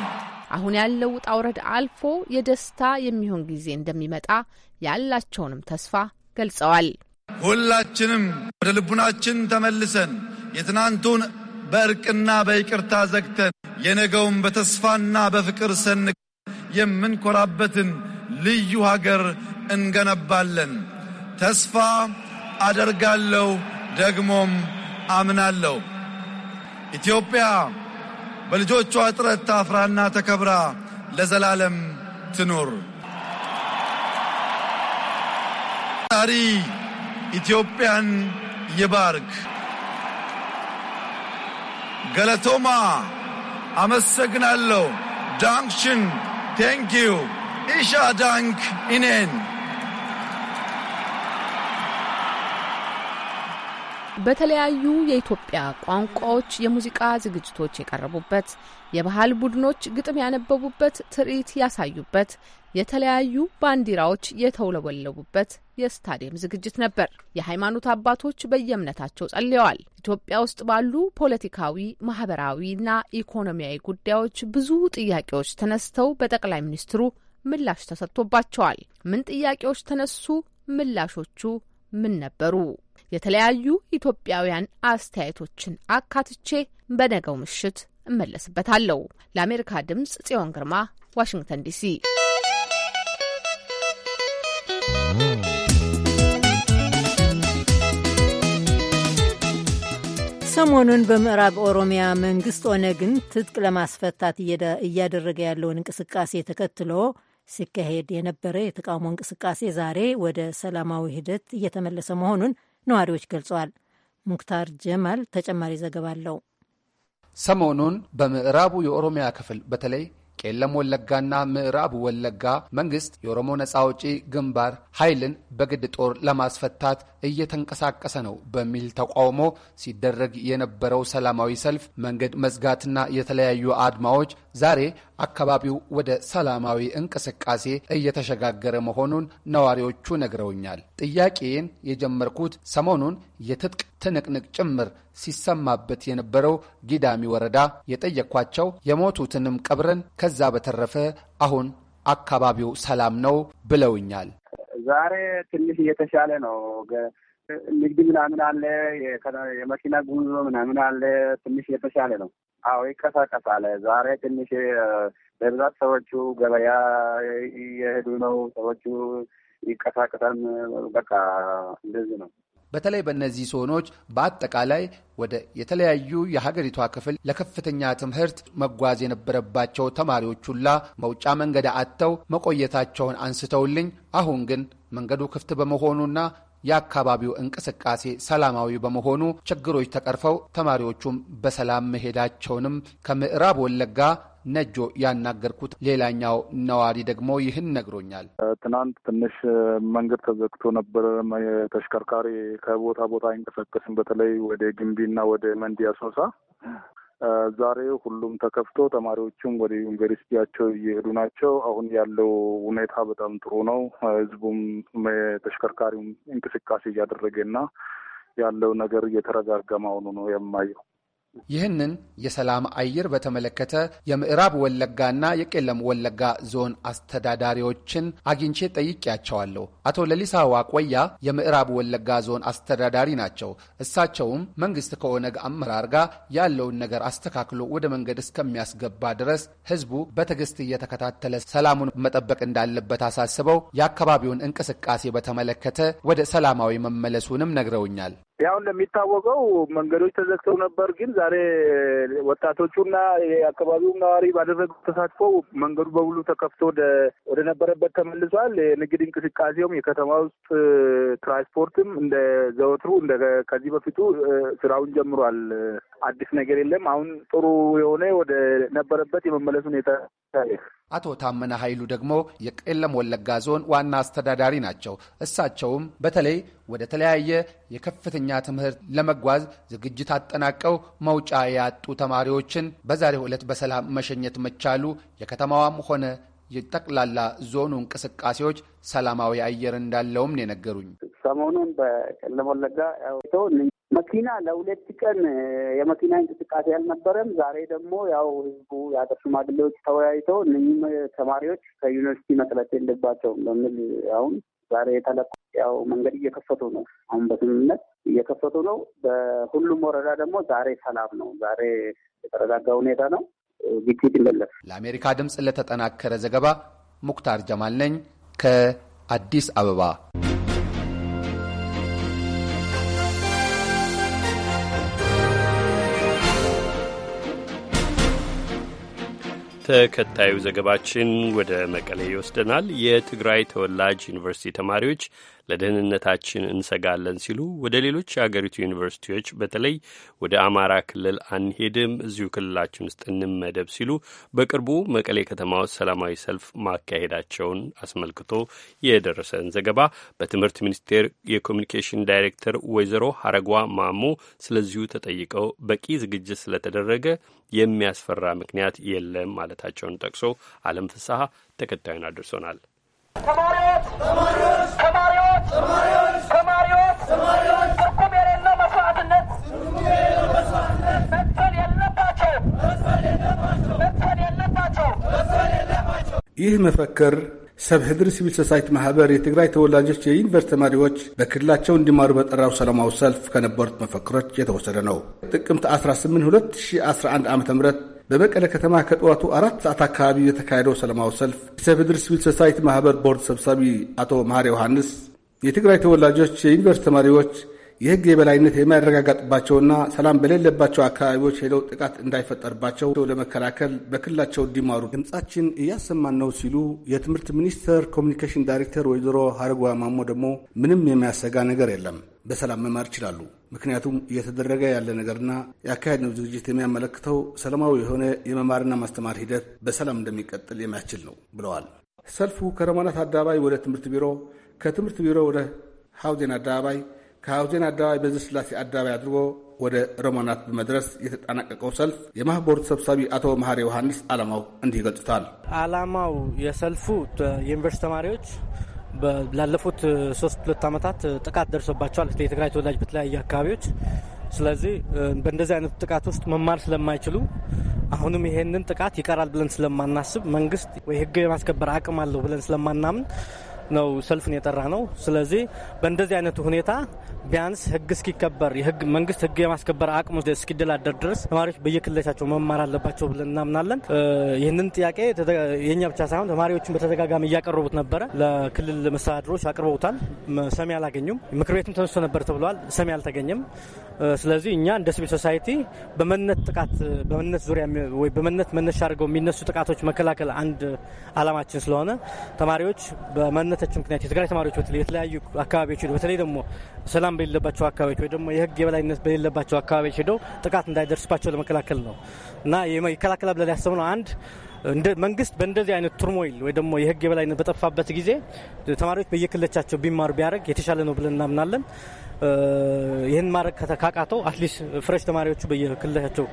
አሁን ያለው ውጣ ውረድ አልፎ የደስታ የሚሆን ጊዜ እንደሚመጣ ያላቸውንም ተስፋ ገልጸዋል። ሁላችንም ወደ ልቡናችን ተመልሰን የትናንቱን በእርቅና በይቅርታ ዘግተን የነገውን በተስፋና በፍቅር ሰንቅ የምንኮራበትን ልዩ ሀገር እንገነባለን። ተስፋ አደርጋለሁ፣ ደግሞም አምናለሁ። ኢትዮጵያ በልጆቿ ጥረት ታፍራና ተከብራ ለዘላለም ትኑር። ፈጣሪ ኢትዮጵያን ይባርክ። ገለቶማ አመሰግናለሁ። ዳንክሽን ቴንኪዩ ኢሻ ዳንክ ኢኔን በተለያዩ የኢትዮጵያ ቋንቋዎች የሙዚቃ ዝግጅቶች የቀረቡበት፣ የባህል ቡድኖች ግጥም ያነበቡበት፣ ትርኢት ያሳዩበት፣ የተለያዩ ባንዲራዎች የተውለበለቡበት የስታዲየም ዝግጅት ነበር። የሃይማኖት አባቶች በየእምነታቸው ጸልየዋል። ኢትዮጵያ ውስጥ ባሉ ፖለቲካዊ፣ ማህበራዊና ኢኮኖሚያዊ ጉዳዮች ብዙ ጥያቄዎች ተነስተው በጠቅላይ ሚኒስትሩ ምላሽ ተሰጥቶባቸዋል። ምን ጥያቄዎች ተነሱ? ምላሾቹ ምን ነበሩ? የተለያዩ ኢትዮጵያውያን አስተያየቶችን አካትቼ በነገው ምሽት እመለስበታለሁ። ለአሜሪካ ድምጽ ጽዮን ግርማ፣ ዋሽንግተን ዲሲ። ሰሞኑን በምዕራብ ኦሮሚያ መንግስት ኦነግን ትጥቅ ለማስፈታት እያደረገ ያለውን እንቅስቃሴ ተከትሎ ሲካሄድ የነበረ የተቃውሞ እንቅስቃሴ ዛሬ ወደ ሰላማዊ ሂደት እየተመለሰ መሆኑን ነዋሪዎች ገልጸዋል። ሙክታር ጀማል ተጨማሪ ዘገባ አለው። ሰሞኑን በምዕራቡ የኦሮሚያ ክፍል በተለይ ቄለም ወለጋና ምዕራብ ወለጋ መንግስት የኦሮሞ ነፃ አውጪ ግንባር ኃይልን በግድ ጦር ለማስፈታት እየተንቀሳቀሰ ነው በሚል ተቃውሞ ሲደረግ የነበረው ሰላማዊ ሰልፍ፣ መንገድ መዝጋትና የተለያዩ አድማዎች ዛሬ አካባቢው ወደ ሰላማዊ እንቅስቃሴ እየተሸጋገረ መሆኑን ነዋሪዎቹ ነግረውኛል። ጥያቄን የጀመርኩት ሰሞኑን የትጥቅ ትንቅንቅ ጭምር ሲሰማበት የነበረው ጊዳሚ ወረዳ የጠየኳቸው የሞቱትንም ቀብረን ከዛ በተረፈ አሁን አካባቢው ሰላም ነው ብለውኛል። ዛሬ ትንሽ እየተሻለ ነው። ንግድ ምናምን አለ፣ የመኪና ጉዞ ምናምን አለ። ትንሽ የተሻለ ነው። አዎ ይቀሳቀሳል። ዛሬ ትንሽ በብዛት ሰዎቹ ገበያ እየሄዱ ነው። ሰዎቹ ይቀሳቀሳል። በቃ እንደዚህ ነው። በተለይ በእነዚህ ዞኖች በአጠቃላይ ወደ የተለያዩ የሀገሪቷ ክፍል ለከፍተኛ ትምህርት መጓዝ የነበረባቸው ተማሪዎች ሁላ መውጫ መንገድ አጥተው መቆየታቸውን አንስተውልኝ፣ አሁን ግን መንገዱ ክፍት በመሆኑና የአካባቢው እንቅስቃሴ ሰላማዊ በመሆኑ ችግሮች ተቀርፈው ተማሪዎቹም በሰላም መሄዳቸውንም ከምዕራብ ወለጋ ነጆ ያናገርኩት ሌላኛው ነዋሪ ደግሞ ይህን ነግሮኛል። ትናንት ትንሽ መንገድ ተዘግቶ ነበር። ተሽከርካሪ ከቦታ ቦታ አይንቀሳቀስም። በተለይ ወደ ግንቢና ወደ መንዲ አሶሳ። ዛሬ ሁሉም ተከፍቶ ተማሪዎቹም ወደ ዩኒቨርሲቲያቸው እየሄዱ ናቸው። አሁን ያለው ሁኔታ በጣም ጥሩ ነው። ህዝቡም ተሽከርካሪውም እንቅስቃሴ እና ያለው ነገር እየተረጋጋ መሆኑ ነው የማየው። ይህንን የሰላም አየር በተመለከተ የምዕራብ ወለጋና የቄለም ወለጋ ዞን አስተዳዳሪዎችን አግኝቼ ጠይቄያቸዋለሁ። አቶ ለሊሳ ዋቆያ የምዕራብ ወለጋ ዞን አስተዳዳሪ ናቸው። እሳቸውም መንግስት ከኦነግ አመራር ጋር ያለውን ነገር አስተካክሎ ወደ መንገድ እስከሚያስገባ ድረስ ህዝቡ በትዕግስት እየተከታተለ ሰላሙን መጠበቅ እንዳለበት አሳስበው የአካባቢውን እንቅስቃሴ በተመለከተ ወደ ሰላማዊ መመለሱንም ነግረውኛል። ያው እንደሚታወቀው መንገዶች ተዘግተው ነበር። ግን ዛሬ ወጣቶቹና የአካባቢው ነዋሪ ባደረጉ ተሳትፎ መንገዱ በሙሉ ተከፍቶ ወደ ነበረበት ተመልሷል። የንግድ እንቅስቃሴውም የከተማ ውስጥ ትራንስፖርትም እንደ ዘወትሩ እንደ ከዚህ በፊቱ ስራውን ጀምሯል። አዲስ ነገር የለም። አሁን ጥሩ የሆነ ወደ ነበረበት የመመለስ ሁኔታ አቶ ታመነ ኃይሉ ደግሞ የቄለም ወለጋ ዞን ዋና አስተዳዳሪ ናቸው። እሳቸውም በተለይ ወደ ተለያየ የከፍተኛ ትምህርት ለመጓዝ ዝግጅት አጠናቀው መውጫ ያጡ ተማሪዎችን በዛሬው ዕለት በሰላም መሸኘት መቻሉ የከተማዋም ሆነ የጠቅላላ ዞኑ እንቅስቃሴዎች ሰላማዊ አየር እንዳለውም ነው የነገሩኝ። ሰሞኑን በቄለም ወለጋ ያው መኪና ለሁለት ቀን የመኪና እንቅስቃሴ አልነበረም። ዛሬ ደግሞ ያው ህዝቡ የአገር ሽማግሌዎች ተወያይተው እነኝም ተማሪዎች ከዩኒቨርሲቲ መቅረት የለባቸውም በሚል አሁን ዛሬ የተለቁ ያው መንገድ እየከፈቱ ነው። አሁን በስምምነት እየከፈቱ ነው። በሁሉም ወረዳ ደግሞ ዛሬ ሰላም ነው። ዛሬ የተረጋጋ ሁኔታ ነው። ግጭት የለም። ለአሜሪካ ድምፅ ለተጠናከረ ዘገባ ሙክታር ጀማል ነኝ ከአዲስ አበባ። ተከታዩ ዘገባችን ወደ መቀሌ ይወስደናል። የትግራይ ተወላጅ ዩኒቨርሲቲ ተማሪዎች ለደህንነታችን እንሰጋለን ሲሉ ወደ ሌሎች የአገሪቱ ዩኒቨርሲቲዎች በተለይ ወደ አማራ ክልል አንሄድም፣ እዚሁ ክልላችን ውስጥ እንመደብ ሲሉ በቅርቡ መቀሌ ከተማ ውስጥ ሰላማዊ ሰልፍ ማካሄዳቸውን አስመልክቶ የደረሰን ዘገባ በትምህርት ሚኒስቴር የኮሚኒኬሽን ዳይሬክተር ወይዘሮ ሀረጓ ማሞ ስለዚሁ ተጠይቀው በቂ ዝግጅት ስለተደረገ የሚያስፈራ ምክንያት የለም ማለታቸውን ጠቅሶ አለም ፍስሐ ተከታዩን አድርሶናል። ይህ መፈክር ሰብሕድሪ ሲቪል ሶሳይቲ ማህበር የትግራይ ተወላጆች የዩኒቨርስቲ ተማሪዎች በክልላቸው እንዲማሩ በጠራው ሰላማዊ ሰልፍ ከነበሩት መፈክሮች የተወሰደ ነው። ጥቅምት 18 2011 ዓ ም በመቀለ ከተማ ከጠዋቱ አራት ሰዓት አካባቢ የተካሄደው ሰላማዊ ሰልፍ ኢሰብድር ሲቪል ሶሳይቲ ማህበር ቦርድ ሰብሳቢ አቶ መሐሪ ዮሐንስ የትግራይ ተወላጆች የዩኒቨርስቲ ተማሪዎች የህግ የበላይነት የማይረጋገጥባቸውና ሰላም በሌለባቸው አካባቢዎች ሄደው ጥቃት እንዳይፈጠርባቸው ለመከላከል በክልላቸው እንዲማሩ ድምጻችን እያሰማን ነው ሲሉ የትምህርት ሚኒስቴር ኮሚኒኬሽን ዳይሬክተር ወይዘሮ ሀረጓ ማሞ ደግሞ ምንም የሚያሰጋ ነገር የለም በሰላም መማር ይችላሉ። ምክንያቱም እየተደረገ ያለ ነገርና የአካሄድነው ዝግጅት የሚያመለክተው ሰላማዊ የሆነ የመማርና ማስተማር ሂደት በሰላም እንደሚቀጥል የሚያስችል ነው ብለዋል። ሰልፉ ከረማናት አደባባይ ወደ ትምህርት ቢሮ፣ ከትምህርት ቢሮ ወደ ሐውዜን አደባባይ፣ ከሐውዜን አደባባይ በዚህ ስላሴ አደባባይ አድርጎ ወደ ረማናት በመድረስ የተጠናቀቀው ሰልፍ የማህበሩ ሰብሳቢ አቶ መሐሪ ዮሐንስ ዓላማው እንዲህ ይገልጹታል። አላማው የሰልፉ የዩኒቨርስቲ ተማሪዎች ላለፉት ሶስት ሁለት ዓመታት ጥቃት ደርሶባቸዋል የትግራይ ተወላጅ በተለያዩ አካባቢዎች። ስለዚህ በእንደዚህ አይነት ጥቃት ውስጥ መማር ስለማይችሉ አሁንም ይሄንን ጥቃት ይቀራል ብለን ስለማናስብ መንግስት ወይ ህግ የማስከበር አቅም አለው ብለን ስለማናምን ነው ሰልፍን የጠራ ነው። ስለዚህ በእንደዚህ አይነቱ ሁኔታ ቢያንስ ህግ እስኪከበር የህግ መንግስት ህግ የማስከበር አቅሙ እስኪደላደር ድረስ ተማሪዎች በየክልሎቻቸው መማር አለባቸው ብለን እናምናለን። ይህንን ጥያቄ የኛ ብቻ ሳይሆን ተማሪዎችን በተደጋጋሚ እያቀረቡት ነበረ። ለክልል መስተዳድሮች አቅርበውታል፣ ሰሚ አላገኙም። ምክር ቤትም ተነስቶ ነበር ተብለዋል፣ ሰሚ አልተገኘም። ስለዚህ እኛ እንደ ሲቪል ሶሳይቲ በመነት ጥቃት በመነት ዙሪያ ወይ በመነት መነሻ አድርገው የሚነሱ ጥቃቶች መከላከል አንድ አላማችን ስለሆነ ተማሪዎች በመነት በተመቻቸ ምክንያት የትግራይ ተማሪዎች በተለይ የተለያዩ አካባቢዎች ሄደው በተለይ ደግሞ ሰላም በሌለባቸው አካባቢዎች ወይ ደግሞ የህግ የበላይነት በሌለባቸው አካባቢዎች ሄደው ጥቃት እንዳይደርስባቸው ለመከላከል ነው እና ይከላከላ ብለን ያሰብነው አንድ መንግስት በእንደዚህ አይነት ቱርሞይል ወይ ደግሞ የህግ የበላይነት በጠፋበት ጊዜ ተማሪዎች በየክለቻቸው ቢማሩ ቢያደርግ የተሻለ ነው ብለን እናምናለን። ይህን ማድረግ ካቃተው አትሊስት ፍሬሽ ተማሪዎቹ በየክልላቸው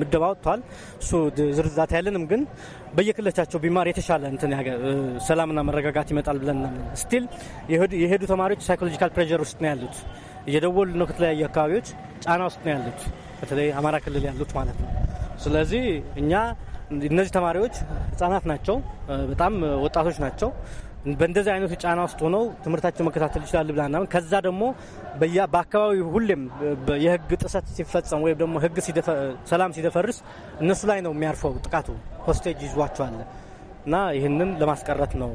ምደባ ወጥተዋል። እሱ ዝርዛት ያለንም ግን በየክልላቸው ቢማር የተሻለ እንትን ሰላምና መረጋጋት ይመጣል ብለን ስቲል የሄዱ ተማሪዎች ሳይኮሎጂካል ፕሬዠር ውስጥ ነው ያሉት። እየደወሉ ነው ከተለያዩ አካባቢዎች ጫና ውስጥ ነው ያሉት፣ በተለይ አማራ ክልል ያሉት ማለት ነው። ስለዚህ እኛ እነዚህ ተማሪዎች ህጻናት ናቸው፣ በጣም ወጣቶች ናቸው። በእንደዚህ አይነቱ ጫና ውስጥ ሆነው ትምህርታቸው መከታተል ይችላል ብላ ምናምን ከዛ ደግሞ በአካባቢው ሁሌም የህግ ጥሰት ሲፈጸም ወይም ደግሞ ህግ ሰላም ሲደፈርስ እነሱ ላይ ነው የሚያርፈው ጥቃቱ ሆስቴጅ ይዟቸዋል። እና ይህንን ለማስቀረት ነው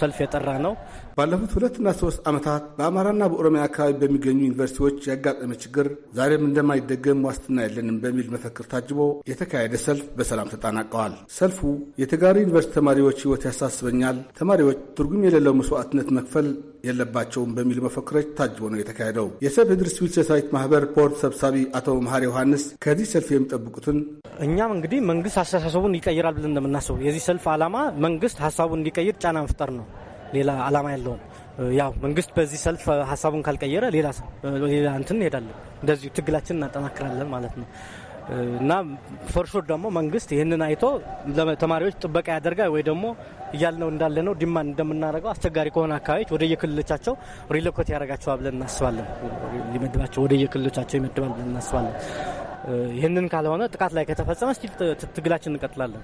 ሰልፍ የጠራ ነው። ባለፉት ሁለትና ሶስት ዓመታት በአማራና በኦሮሚያ አካባቢ በሚገኙ ዩኒቨርሲቲዎች ያጋጠመ ችግር ዛሬም እንደማይደገም ዋስትና የለንም በሚል መፈክር ታጅቦ የተካሄደ ሰልፍ በሰላም ተጠናቀዋል። ሰልፉ የተጋሩ ዩኒቨርሲቲ ተማሪዎች ሕይወት ያሳስበኛል፣ ተማሪዎች ትርጉም የሌለው መስዋዕትነት መክፈል የለባቸውም በሚል መፈክሮች ታጅቦ ነው የተካሄደው። የሰብ ህድር ሲቪል ሶሳይቲ ማህበር ቦርድ ሰብሳቢ አቶ መሀር ዮሐንስ ከዚህ ሰልፍ የሚጠብቁትን እኛም እንግዲህ መንግስት አስተሳሰቡን ይቀይራል ብለን እንደምናስበው የዚህ ሰልፍ አላማ መንግስት ሀሳቡን እንዲቀይር ጫና መፍጠር ነው። ሌላ አላማ ያለውም ያው መንግስት በዚህ ሰልፍ ሀሳቡን ካልቀየረ ሌላ እንትን እንሄዳለን። እንደዚሁ ትግላችን እናጠናክራለን ማለት ነው። እና ፈርሾ ደግሞ መንግስት ይህንን አይቶ ተማሪዎች ጥበቃ ያደርጋል ወይ ደግሞ እያልነው እንዳለ ነው ዲማን እንደምናደርገው አስቸጋሪ ከሆነ አካባቢዎች ወደ የክልሎቻቸው ሪሎኮት ያደርጋቸዋል ብለን እናስባለን። ሊመድባቸው ወደ የክልሎቻቸው ይመድባል ብለን እናስባለን። ይህንን ካልሆነ ጥቃት ላይ ከተፈጸመ ስቲል ትግላችን እንቀጥላለን።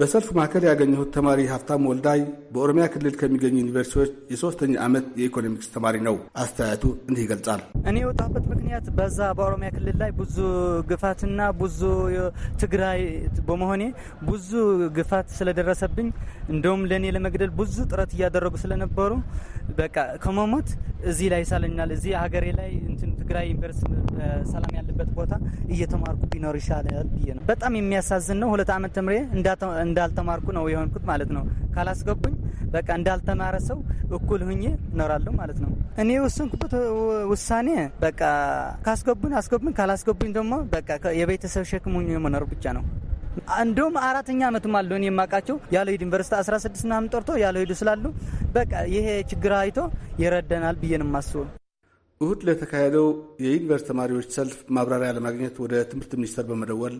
በሰልፍ ማዕከል ያገኘሁት ተማሪ ሀብታም ወልዳይ በኦሮሚያ ክልል ከሚገኙ ዩኒቨርሲቲዎች የሶስተኛ ዓመት የኢኮኖሚክስ ተማሪ ነው። አስተያየቱ እንዲህ ይገልጻል። እኔ የወጣሁበት ምክንያት በዛ በኦሮሚያ ክልል ላይ ብዙ ግፋትና ብዙ ትግራይ በመሆኔ ብዙ ግፋት ስለደረሰብኝ እንደውም ለእኔ ለመግደል ብዙ ጥረት እያደረጉ ስለነበሩ በቃ ከመሞት እዚህ ላይ ይሳለኛል፣ እዚህ ሀገሬ ላይ እንትን ትግራይ ዩኒቨርሲቲ ሰላም ያለበት ቦታ እየተማርኩ ቢኖር ይሻላል ብዬ ነው። በጣም የሚያሳዝን ነው። ሁለት ዓመት ተምሬ እንዳልተማርኩ ነው የሆንኩት ማለት ነው። ካላስገቡኝ በቃ እንዳልተማረ ሰው እኩል ሁኜ እኖራለሁ ማለት ነው። እኔ የወሰንኩበት ውሳኔ በቃ ካስገቡኝ አስገቡኝ፣ ካላስገቡኝ ደግሞ በቃ የቤተሰብ ሸክም ሁኜ መኖር ብቻ ነው። እንደውም አራተኛ ዓመትም አለው እኔ የማውቃቸው ያለው ዩኒቨርስቲ 16 ምናምን ጠርቶ ያለው ሄዱ ስላሉ በቃ ይሄ ችግር አይቶ ይረዳናል ብዬ ነው የማስበው። እሁድ ለተካሄደው የዩኒቨርስቲ ተማሪዎች ሰልፍ ማብራሪያ ለማግኘት ወደ ትምህርት ሚኒስቴር በመደወል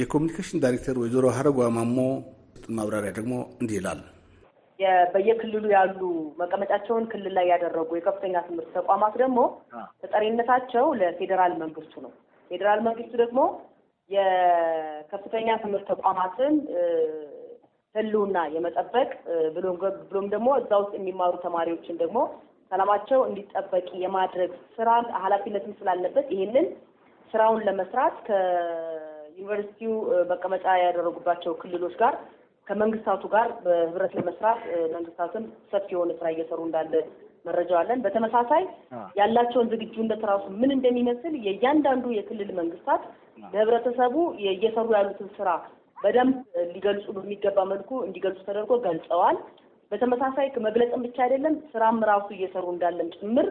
የኮሚኒኬሽን ዳይሬክተር ወይዘሮ ሀረጓ ማሞ ማብራሪያ ደግሞ እንዲህ ይላል። በየክልሉ ያሉ መቀመጫቸውን ክልል ላይ ያደረጉ የከፍተኛ ትምህርት ተቋማት ደግሞ ተጠሪነታቸው ለፌዴራል መንግስቱ ነው። ፌዴራል መንግስቱ ደግሞ የከፍተኛ ትምህርት ተቋማትን ህልውና የመጠበቅ ብሎም ደግሞ እዛ ውስጥ የሚማሩ ተማሪዎችን ደግሞ ሰላማቸው እንዲጠበቅ የማድረግ ስራ ኃላፊነትም ስላለበት ይህንን ስራውን ለመስራት ዩኒቨርሲቲው መቀመጫ ያደረጉባቸው ክልሎች ጋር ከመንግስታቱ ጋር በህብረት ለመስራት መንግስታትም ሰፊ የሆነ ስራ እየሰሩ እንዳለ መረጃዋለን። አለን። በተመሳሳይ ያላቸውን ዝግጁነት ራሱ ምን እንደሚመስል የእያንዳንዱ የክልል መንግስታት ለህብረተሰቡ እየሰሩ ያሉትን ስራ በደንብ ሊገልጹ በሚገባ መልኩ እንዲገልጹ ተደርጎ ገልጸዋል። በተመሳሳይ መግለጽም ብቻ አይደለም ስራም ራሱ እየሰሩ እንዳለም ጭምር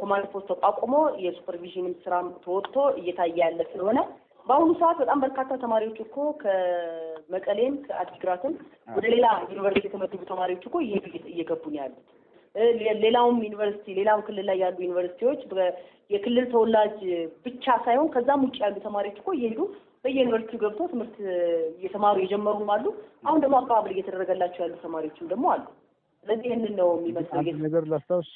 ኮማንድ ፖስት ተቋቁሞ የሱፐርቪዥንም ስራም ተወጥቶ እየታየ ያለ ስለሆነ በአሁኑ ሰዓት በጣም በርካታ ተማሪዎች እኮ ከመቀሌም ከአዲግራትም ወደ ሌላ ዩኒቨርሲቲ የተመደቡ ተማሪዎች እኮ እየገቡ ነው ያሉት። ሌላውም ዩኒቨርሲቲ ሌላም ክልል ላይ ያሉ ዩኒቨርሲቲዎች የክልል ተወላጅ ብቻ ሳይሆን ከዛም ውጭ ያሉ ተማሪዎች እኮ እየሄዱ በየዩኒቨርሲቲው ገብቶ ትምህርት እየተማሩ የጀመሩም አሉ። አሁን ደግሞ አቀባበል እየተደረገላቸው ያሉ ተማሪዎችም ደግሞ አሉ። ስለዚህ ይህንን ነው የሚመስለው። ነገር ላስታውስ፣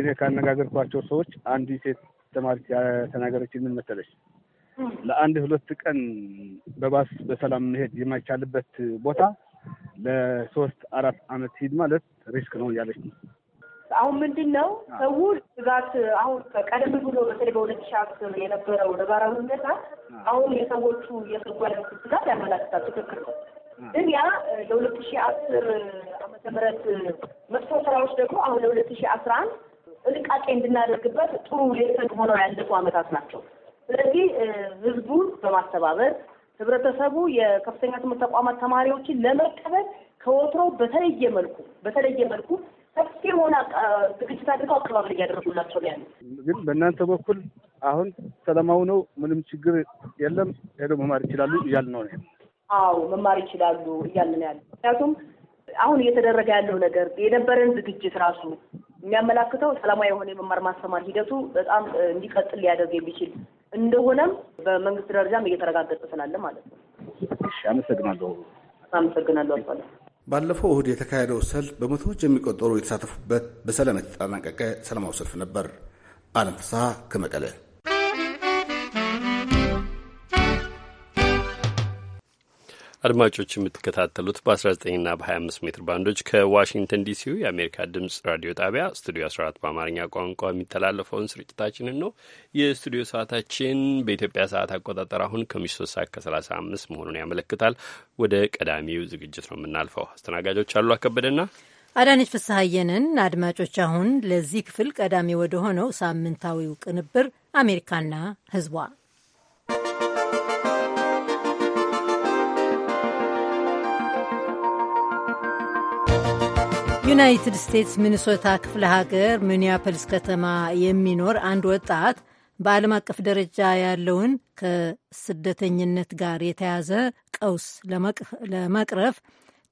እኔ ካነጋገርኳቸው ሰዎች አንድ ሴት ተማሪ ተናገረች። ምን መሰለች? ለአንድ ሁለት ቀን በባስ በሰላም መሄድ የማይቻልበት ቦታ ለሶስት አራት አመት ሂድ ማለት ሪስክ ነው እያለች ነው። አሁን ምንድን ነው ሰው ስጋት አሁን ከቀደም ብሎ በተለይ በሁለት ሺ አስር የነበረው ነባራዊ ሁኔታ አሁን የሰዎቹ የመጓጓዝ ስጋት ያመላክታል። ትክክል ነው። ግን ያ ለሁለት ሺ አስር አመተ ምህረት መጥፎ ስራዎች ደግሞ አሁን ለሁለት ሺ አስራ አንድ ጥንቃቄ እንድናደርግበት ጥሩ ሌሰን ሆነው ያለፉ አመታት ናቸው። ስለዚህ ህዝቡን በማስተባበር ህብረተሰቡ የከፍተኛ ትምህርት ተቋማት ተማሪዎችን ለመቀበል ከወትሮ በተለየ መልኩ በተለየ መልኩ ሰፊ የሆነ ዝግጅት አድርገው አቀባበል እያደረጉላቸው ያለ ግን በእናንተ በኩል አሁን ሰላማዊ ነው፣ ምንም ችግር የለም፣ ሄዶ መማር ይችላሉ እያልን ነው። አዎ መማር ይችላሉ እያልን ያለ ምክንያቱም አሁን እየተደረገ ያለው ነገር የነበረን ዝግጅት ራሱ የሚያመላክተው ሰላማዊ የሆነ የመማር ማስተማር ሂደቱ በጣም እንዲቀጥል ሊያደርግ የሚችል እንደሆነም በመንግስት ደረጃም እየተረጋገጠ ስላለ ማለት ነው። አመሰግናለሁ። አመሰግናለሁ። ባለፈው እሁድ የተካሄደው ሰልፍ በመቶዎች የሚቆጠሩ የተሳተፉበት በሰላም የተጠናቀቀ ሰላማዊ ሰልፍ ነበር። አለም ፍስሐ ከመቀለ አድማጮች የምትከታተሉት በ19ና በ25 ሜትር ባንዶች ከዋሽንግተን ዲሲው የአሜሪካ ድምፅ ራዲዮ ጣቢያ ስቱዲዮ 14 በአማርኛ ቋንቋ የሚተላለፈውን ስርጭታችንን ነው። የስቱዲዮ ሰዓታችን በኢትዮጵያ ሰዓት አቆጣጠር አሁን ከምሽቱ ሶስት ሰዓት ከ35 መሆኑን ያመለክታል። ወደ ቀዳሚው ዝግጅት ነው የምናልፈው። አስተናጋጆች አሉ አከበደና አዳነች ፍስሐየንን። አድማጮች አሁን ለዚህ ክፍል ቀዳሚ ወደ ሆነው ሳምንታዊው ቅንብር አሜሪካና ህዝቧ። ዩናይትድ ስቴትስ ሚኒሶታ ክፍለ ሀገር ሚኒያፖሊስ ከተማ የሚኖር አንድ ወጣት በዓለም አቀፍ ደረጃ ያለውን ከስደተኝነት ጋር የተያዘ ቀውስ ለመቅረፍ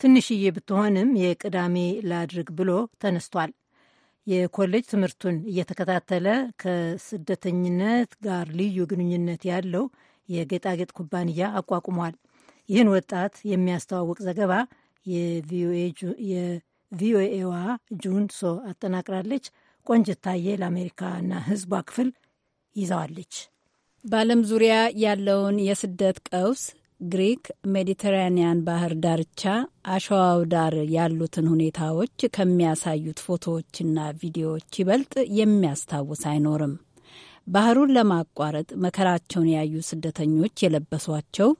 ትንሽዬ ብትሆንም የቅዳሜ ላድርግ ብሎ ተነስቷል። የኮሌጅ ትምህርቱን እየተከታተለ ከስደተኝነት ጋር ልዩ ግንኙነት ያለው የጌጣጌጥ ኩባንያ አቋቁሟል። ይህን ወጣት የሚያስተዋውቅ ዘገባ የቪኦኤ ቪኦኤዋ ጁን ሶ አጠናቅራለች። ቆንጅታዬ ለአሜሪካና ህዝቧ ክፍል ይዘዋለች። በዓለም ዙሪያ ያለውን የስደት ቀውስ ግሪክ፣ ሜዲተራኒያን ባህር ዳርቻ፣ አሸዋው ዳር ያሉትን ሁኔታዎች ከሚያሳዩት ፎቶዎችና ቪዲዮዎች ይበልጥ የሚያስታውስ አይኖርም። ባህሩን ለማቋረጥ መከራቸውን ያዩ ስደተኞች የለበሷቸው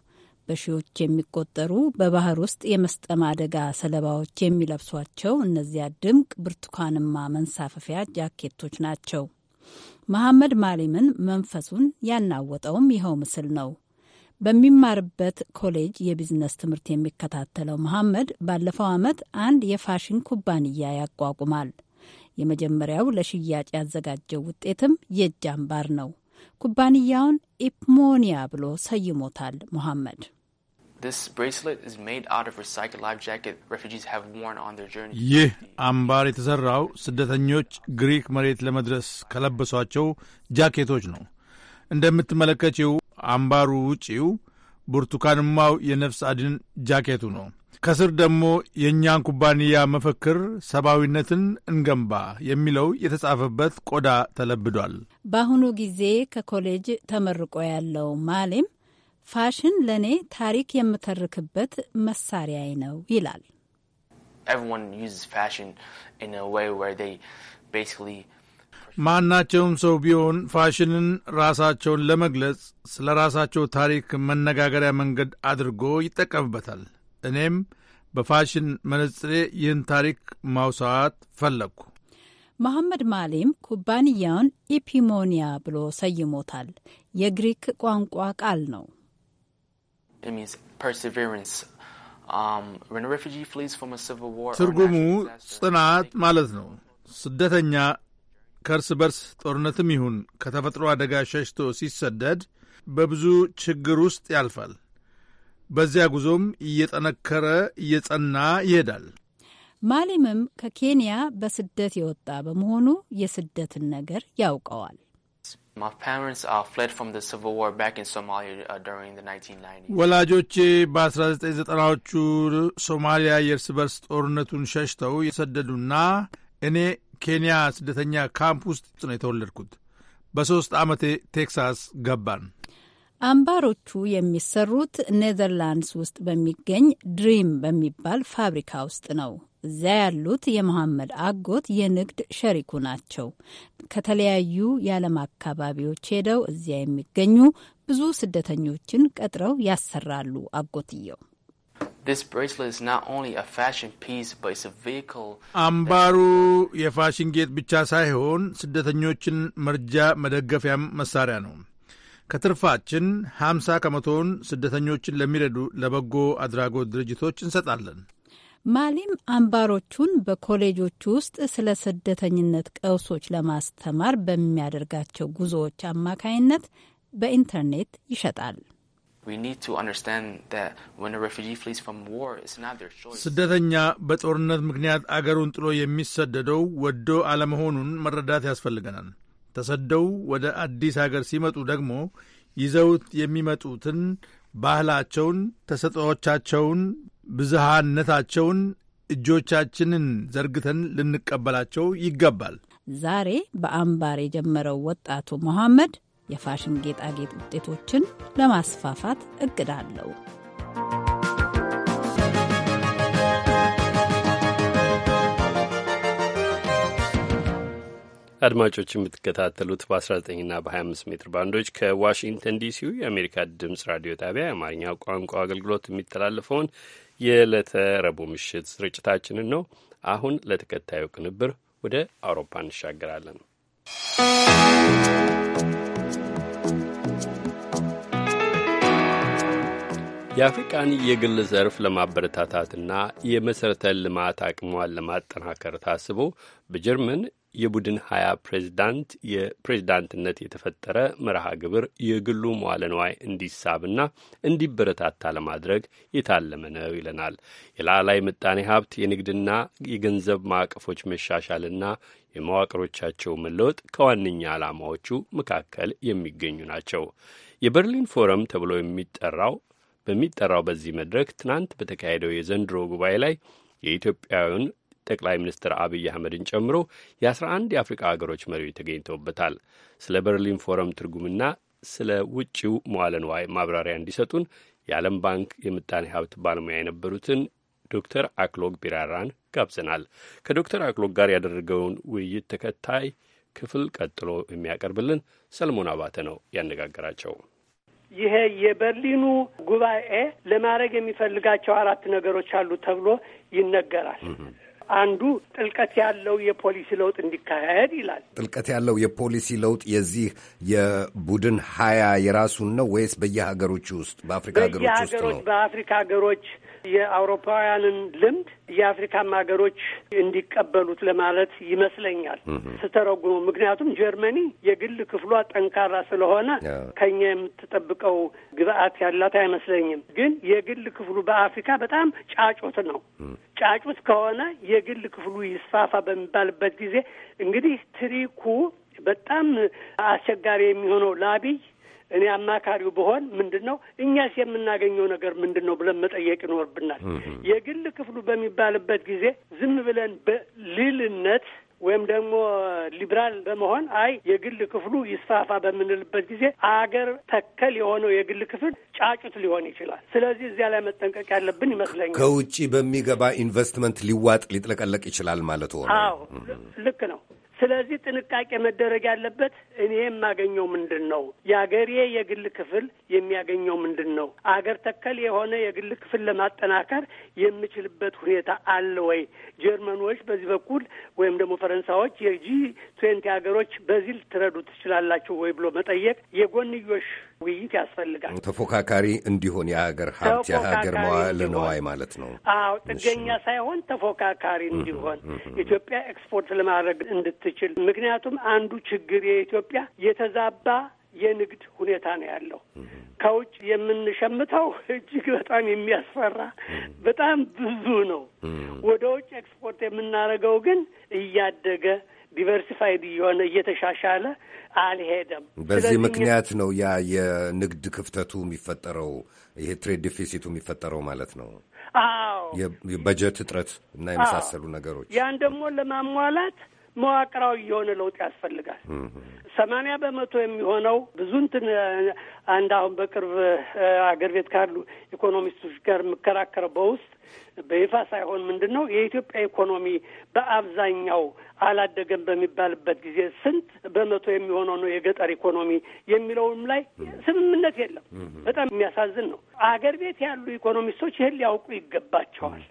በሺዎች የሚቆጠሩ በባህር ውስጥ የመስጠም አደጋ ሰለባዎች የሚለብሷቸው እነዚያ ድምቅ ብርቱካንማ መንሳፈፊያ ጃኬቶች ናቸው። መሐመድ ማሊምን መንፈሱን ያናወጠውም ይኸው ምስል ነው። በሚማርበት ኮሌጅ የቢዝነስ ትምህርት የሚከታተለው መሐመድ ባለፈው ዓመት አንድ የፋሽን ኩባንያ ያቋቁማል። የመጀመሪያው ለሽያጭ ያዘጋጀው ውጤትም የእጅ አምባር ነው። ኩባንያውን ኢፕሞኒያ ብሎ ሰይሞታል። መሐመድ ይህ አምባር የተሰራው ስደተኞች ግሪክ መሬት ለመድረስ ከለበሷቸው ጃኬቶች ነው። እንደምትመለከችው አምባሩ ውጪው ብርቱካንማው የነፍስ አድን ጃኬቱ ነው። ከስር ደግሞ የእኛን ኩባንያ መፈክር ሰብአዊነትን እንገንባ የሚለው የተጻፈበት ቆዳ ተለብዷል። በአሁኑ ጊዜ ከኮሌጅ ተመርቆ ያለው ማሌም ፋሽን ለእኔ ታሪክ የምተርክበት መሳሪያዬ ነው ይላል። ማናቸውም ሰው ቢሆን ፋሽንን ራሳቸውን ለመግለጽ ስለ ራሳቸው ታሪክ መነጋገሪያ መንገድ አድርጎ ይጠቀምበታል። እኔም በፋሽን መነጽሬ ይህን ታሪክ ማውሳት ፈለግኩ። መሐመድ ማሊም ኩባንያውን ኢፒሞኒያ ብሎ ሰይሞታል። የግሪክ ቋንቋ ቃል ነው። ትርጉሙ ጽናት ማለት ነው። ስደተኛ ከእርስ በርስ ጦርነትም ይሁን ከተፈጥሮ አደጋ ሸሽቶ ሲሰደድ በብዙ ችግር ውስጥ ያልፋል። በዚያ ጉዞም እየጠነከረ እየጸና ይሄዳል። ማሊምም ከኬንያ በስደት የወጣ በመሆኑ የስደትን ነገር ያውቀዋል። ወላጆቼ በ1990ዎቹ ሶማሊያ የእርስ በርስ ጦርነቱን ሸሽተው የሰደዱና እኔ ኬንያ ስደተኛ ካምፕ ውስጥ ነው የተወለድኩት። በሦስት ዓመቴ ቴክሳስ ገባን። አምባሮቹ የሚሰሩት ኔዘርላንድስ ውስጥ በሚገኝ ድሪም በሚባል ፋብሪካ ውስጥ ነው። እዚያ ያሉት የመሐመድ አጎት የንግድ ሸሪኩ ናቸው። ከተለያዩ የዓለም አካባቢዎች ሄደው እዚያ የሚገኙ ብዙ ስደተኞችን ቀጥረው ያሰራሉ። አጎትየው አምባሩ የፋሽን ጌጥ ብቻ ሳይሆን ስደተኞችን መርጃ መደገፊያም መሳሪያ ነው። ከትርፋችን 50 ከመቶውን ስደተኞችን ለሚረዱ ለበጎ አድራጎት ድርጅቶች እንሰጣለን። ማሊም አምባሮቹን በኮሌጆች ውስጥ ስለ ስደተኝነት ቀውሶች ለማስተማር በሚያደርጋቸው ጉዞዎች አማካይነት በኢንተርኔት ይሸጣል። ስደተኛ በጦርነት ምክንያት አገሩን ጥሎ የሚሰደደው ወዶ አለመሆኑን መረዳት ያስፈልገናል። ተሰደው ወደ አዲስ አገር ሲመጡ ደግሞ ይዘውት የሚመጡትን ባህላቸውን፣ ተሰጥኦቻቸውን፣ ብዝሃነታቸውን እጆቻችንን ዘርግተን ልንቀበላቸው ይገባል። ዛሬ በአምባር የጀመረው ወጣቱ መሐመድ የፋሽን ጌጣጌጥ ውጤቶችን ለማስፋፋት እቅድ አለው። አድማጮች የምትከታተሉት በ19ና በ25 ሜትር ባንዶች ከዋሽንግተን ዲሲው የአሜሪካ ድምፅ ራዲዮ ጣቢያ የአማርኛ ቋንቋ አገልግሎት የሚተላለፈውን የዕለተ ረቡዕ ምሽት ስርጭታችንን ነው። አሁን ለተከታዩ ቅንብር ወደ አውሮፓ እንሻገራለን። የአፍሪቃን የግል ዘርፍ ለማበረታታትና የመሠረተ ልማት አቅሟን ለማጠናከር ታስቦ በጀርመን የቡድን ሀያ ፕሬዚዳንት የፕሬዚዳንትነት የተፈጠረ መርሃ ግብር የግሉ መዋለ ንዋይ እንዲሳብና እንዲበረታታ ለማድረግ የታለመ ነው ይለናል። የላዕላይ ምጣኔ ሀብት የንግድና የገንዘብ ማዕቀፎች መሻሻልና የመዋቅሮቻቸው መለወጥ ከዋነኛ ዓላማዎቹ መካከል የሚገኙ ናቸው። የበርሊን ፎረም ተብሎ የሚጠራው በሚጠራው በዚህ መድረክ ትናንት በተካሄደው የዘንድሮ ጉባኤ ላይ የኢትዮጵያውያን ጠቅላይ ሚኒስትር አብይ አህመድን ጨምሮ የ11 የአፍሪቃ አገሮች መሪዎች ተገኝተውበታል። ስለ በርሊን ፎረም ትርጉምና ስለ ውጭው መዋለ ንዋይ ማብራሪያ እንዲሰጡን የዓለም ባንክ የምጣኔ ሀብት ባለሙያ የነበሩትን ዶክተር አክሎግ ቢራራን ጋብዘናል። ከዶክተር አክሎግ ጋር ያደረገውን ውይይት ተከታይ ክፍል ቀጥሎ የሚያቀርብልን ሰለሞን አባተ ነው ያነጋገራቸው። ይሄ የበርሊኑ ጉባኤ ለማድረግ የሚፈልጋቸው አራት ነገሮች አሉ ተብሎ ይነገራል። አንዱ ጥልቀት ያለው የፖሊሲ ለውጥ እንዲካሄድ ይላል። ጥልቀት ያለው የፖሊሲ ለውጥ የዚህ የቡድን ሀያ የራሱን ነው ወይስ በየሀገሮች ውስጥ በአፍሪካ ሀገሮች ውስጥ ነው? በአፍሪካ ሀገሮች የአውሮፓውያንን ልምድ የአፍሪካም ሀገሮች እንዲቀበሉት ለማለት ይመስለኛል ስተረጉመው። ምክንያቱም ጀርመኒ የግል ክፍሏ ጠንካራ ስለሆነ ከኛ የምትጠብቀው ግብአት ያላት አይመስለኝም። ግን የግል ክፍሉ በአፍሪካ በጣም ጫጩት ነው። ጫጩት ከሆነ የግል ክፍሉ ይስፋፋ በሚባልበት ጊዜ እንግዲህ ትሪኩ በጣም አስቸጋሪ የሚሆነው ለአብይ እኔ አማካሪው በሆን ምንድን ነው እኛስ የምናገኘው ነገር ምንድን ነው ብለን መጠየቅ ይኖርብናል። የግል ክፍሉ በሚባልበት ጊዜ ዝም ብለን በልልነት ወይም ደግሞ ሊብራል በመሆን አይ የግል ክፍሉ ይስፋፋ በምንልበት ጊዜ አገር ተከል የሆነው የግል ክፍል ጫጩት ሊሆን ይችላል። ስለዚህ እዚያ ላይ መጠንቀቅ ያለብን ይመስለኛል። ከውጭ በሚገባ ኢንቨስትመንት ሊዋጥ ሊጥለቀለቅ ይችላል ማለት ሆነ። አዎ ልክ ነው። ስለዚህ ጥንቃቄ መደረግ ያለበት እኔ የማገኘው ምንድን ነው? የአገሬ የግል ክፍል የሚያገኘው ምንድን ነው? አገር ተከል የሆነ የግል ክፍል ለማጠናከር የምችልበት ሁኔታ አለ ወይ? ጀርመኖች በዚህ በኩል ወይም ደግሞ ፈረንሳዮች የጂ ትዌንቲ ሀገሮች በዚህ ልትረዱ ትችላላችሁ ወይ ብሎ መጠየቅ የጎንዮሽ ውይይት ያስፈልጋል። ተፎካካሪ እንዲሆን የሀገር ሀብት የሀገር መዋዕለ ነዋይ ማለት ነው። አዎ ጥገኛ ሳይሆን ተፎካካሪ እንዲሆን ኢትዮጵያ ኤክስፖርት ለማድረግ እንድትችል። ምክንያቱም አንዱ ችግር የኢትዮጵያ የተዛባ የንግድ ሁኔታ ነው ያለው። ከውጭ የምንሸምተው እጅግ በጣም የሚያስፈራ በጣም ብዙ ነው። ወደ ውጭ ኤክስፖርት የምናደርገው ግን እያደገ ዲቨርሲፋይድ እየሆነ እየተሻሻለ አልሄደም። በዚህ ምክንያት ነው ያ የንግድ ክፍተቱ የሚፈጠረው፣ ይሄ ትሬድ ዲፊሲቱ የሚፈጠረው ማለት ነው። አዎ የበጀት እጥረት እና የመሳሰሉ ነገሮች ያን ደግሞ ለማሟላት መዋቅራዊ የሆነ ለውጥ ያስፈልጋል። ሰማንያ በመቶ የሚሆነው ብዙ እንትን አንድ አሁን በቅርብ አገር ቤት ካሉ ኢኮኖሚስቶች ጋር የምከራከረው በውስጥ በይፋ ሳይሆን ምንድን ነው የኢትዮጵያ ኢኮኖሚ በአብዛኛው አላደገም በሚባልበት ጊዜ ስንት በመቶ የሚሆነው ነው የገጠር ኢኮኖሚ የሚለውም ላይ ስምምነት የለም። በጣም የሚያሳዝን ነው። አገር ቤት ያሉ ኢኮኖሚስቶች ይህን ሊያውቁ ይገባቸዋል።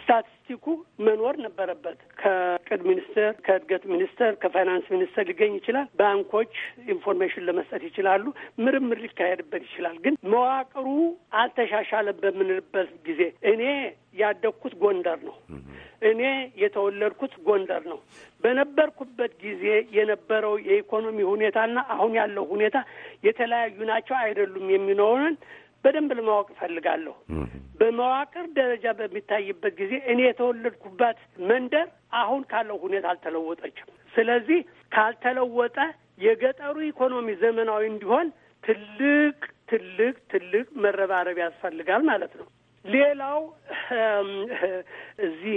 ስታቲስቲኩ መኖር ነበረበት። ከቅድ ሚኒስቴር፣ ከእድገት ሚኒስቴር፣ ከፋይናንስ ሚኒስቴር ሊገኝ ይችላል። ባንኮች ኢንፎርሜሽን ለመስጠት ይችላሉ። ምርምር ሊካሄድበት ይችላል። ግን መዋቅሩ አልተሻሻለም በምንልበት ጊዜ እኔ ያደግኩት ጎንደር ነው። እኔ የተወለድኩት ጎንደር ነው። በነበርኩበት ጊዜ የነበረው የኢኮኖሚ ሁኔታና አሁን ያለው ሁኔታ የተለያዩ ናቸው አይደሉም የሚኖረን በደንብ ለማወቅ እፈልጋለሁ። በመዋቅር ደረጃ በሚታይበት ጊዜ እኔ የተወለድኩባት መንደር አሁን ካለው ሁኔታ አልተለወጠችም። ስለዚህ ካልተለወጠ የገጠሩ ኢኮኖሚ ዘመናዊ እንዲሆን ትልቅ ትልቅ ትልቅ መረባረብ ያስፈልጋል ማለት ነው። ሌላው እዚህ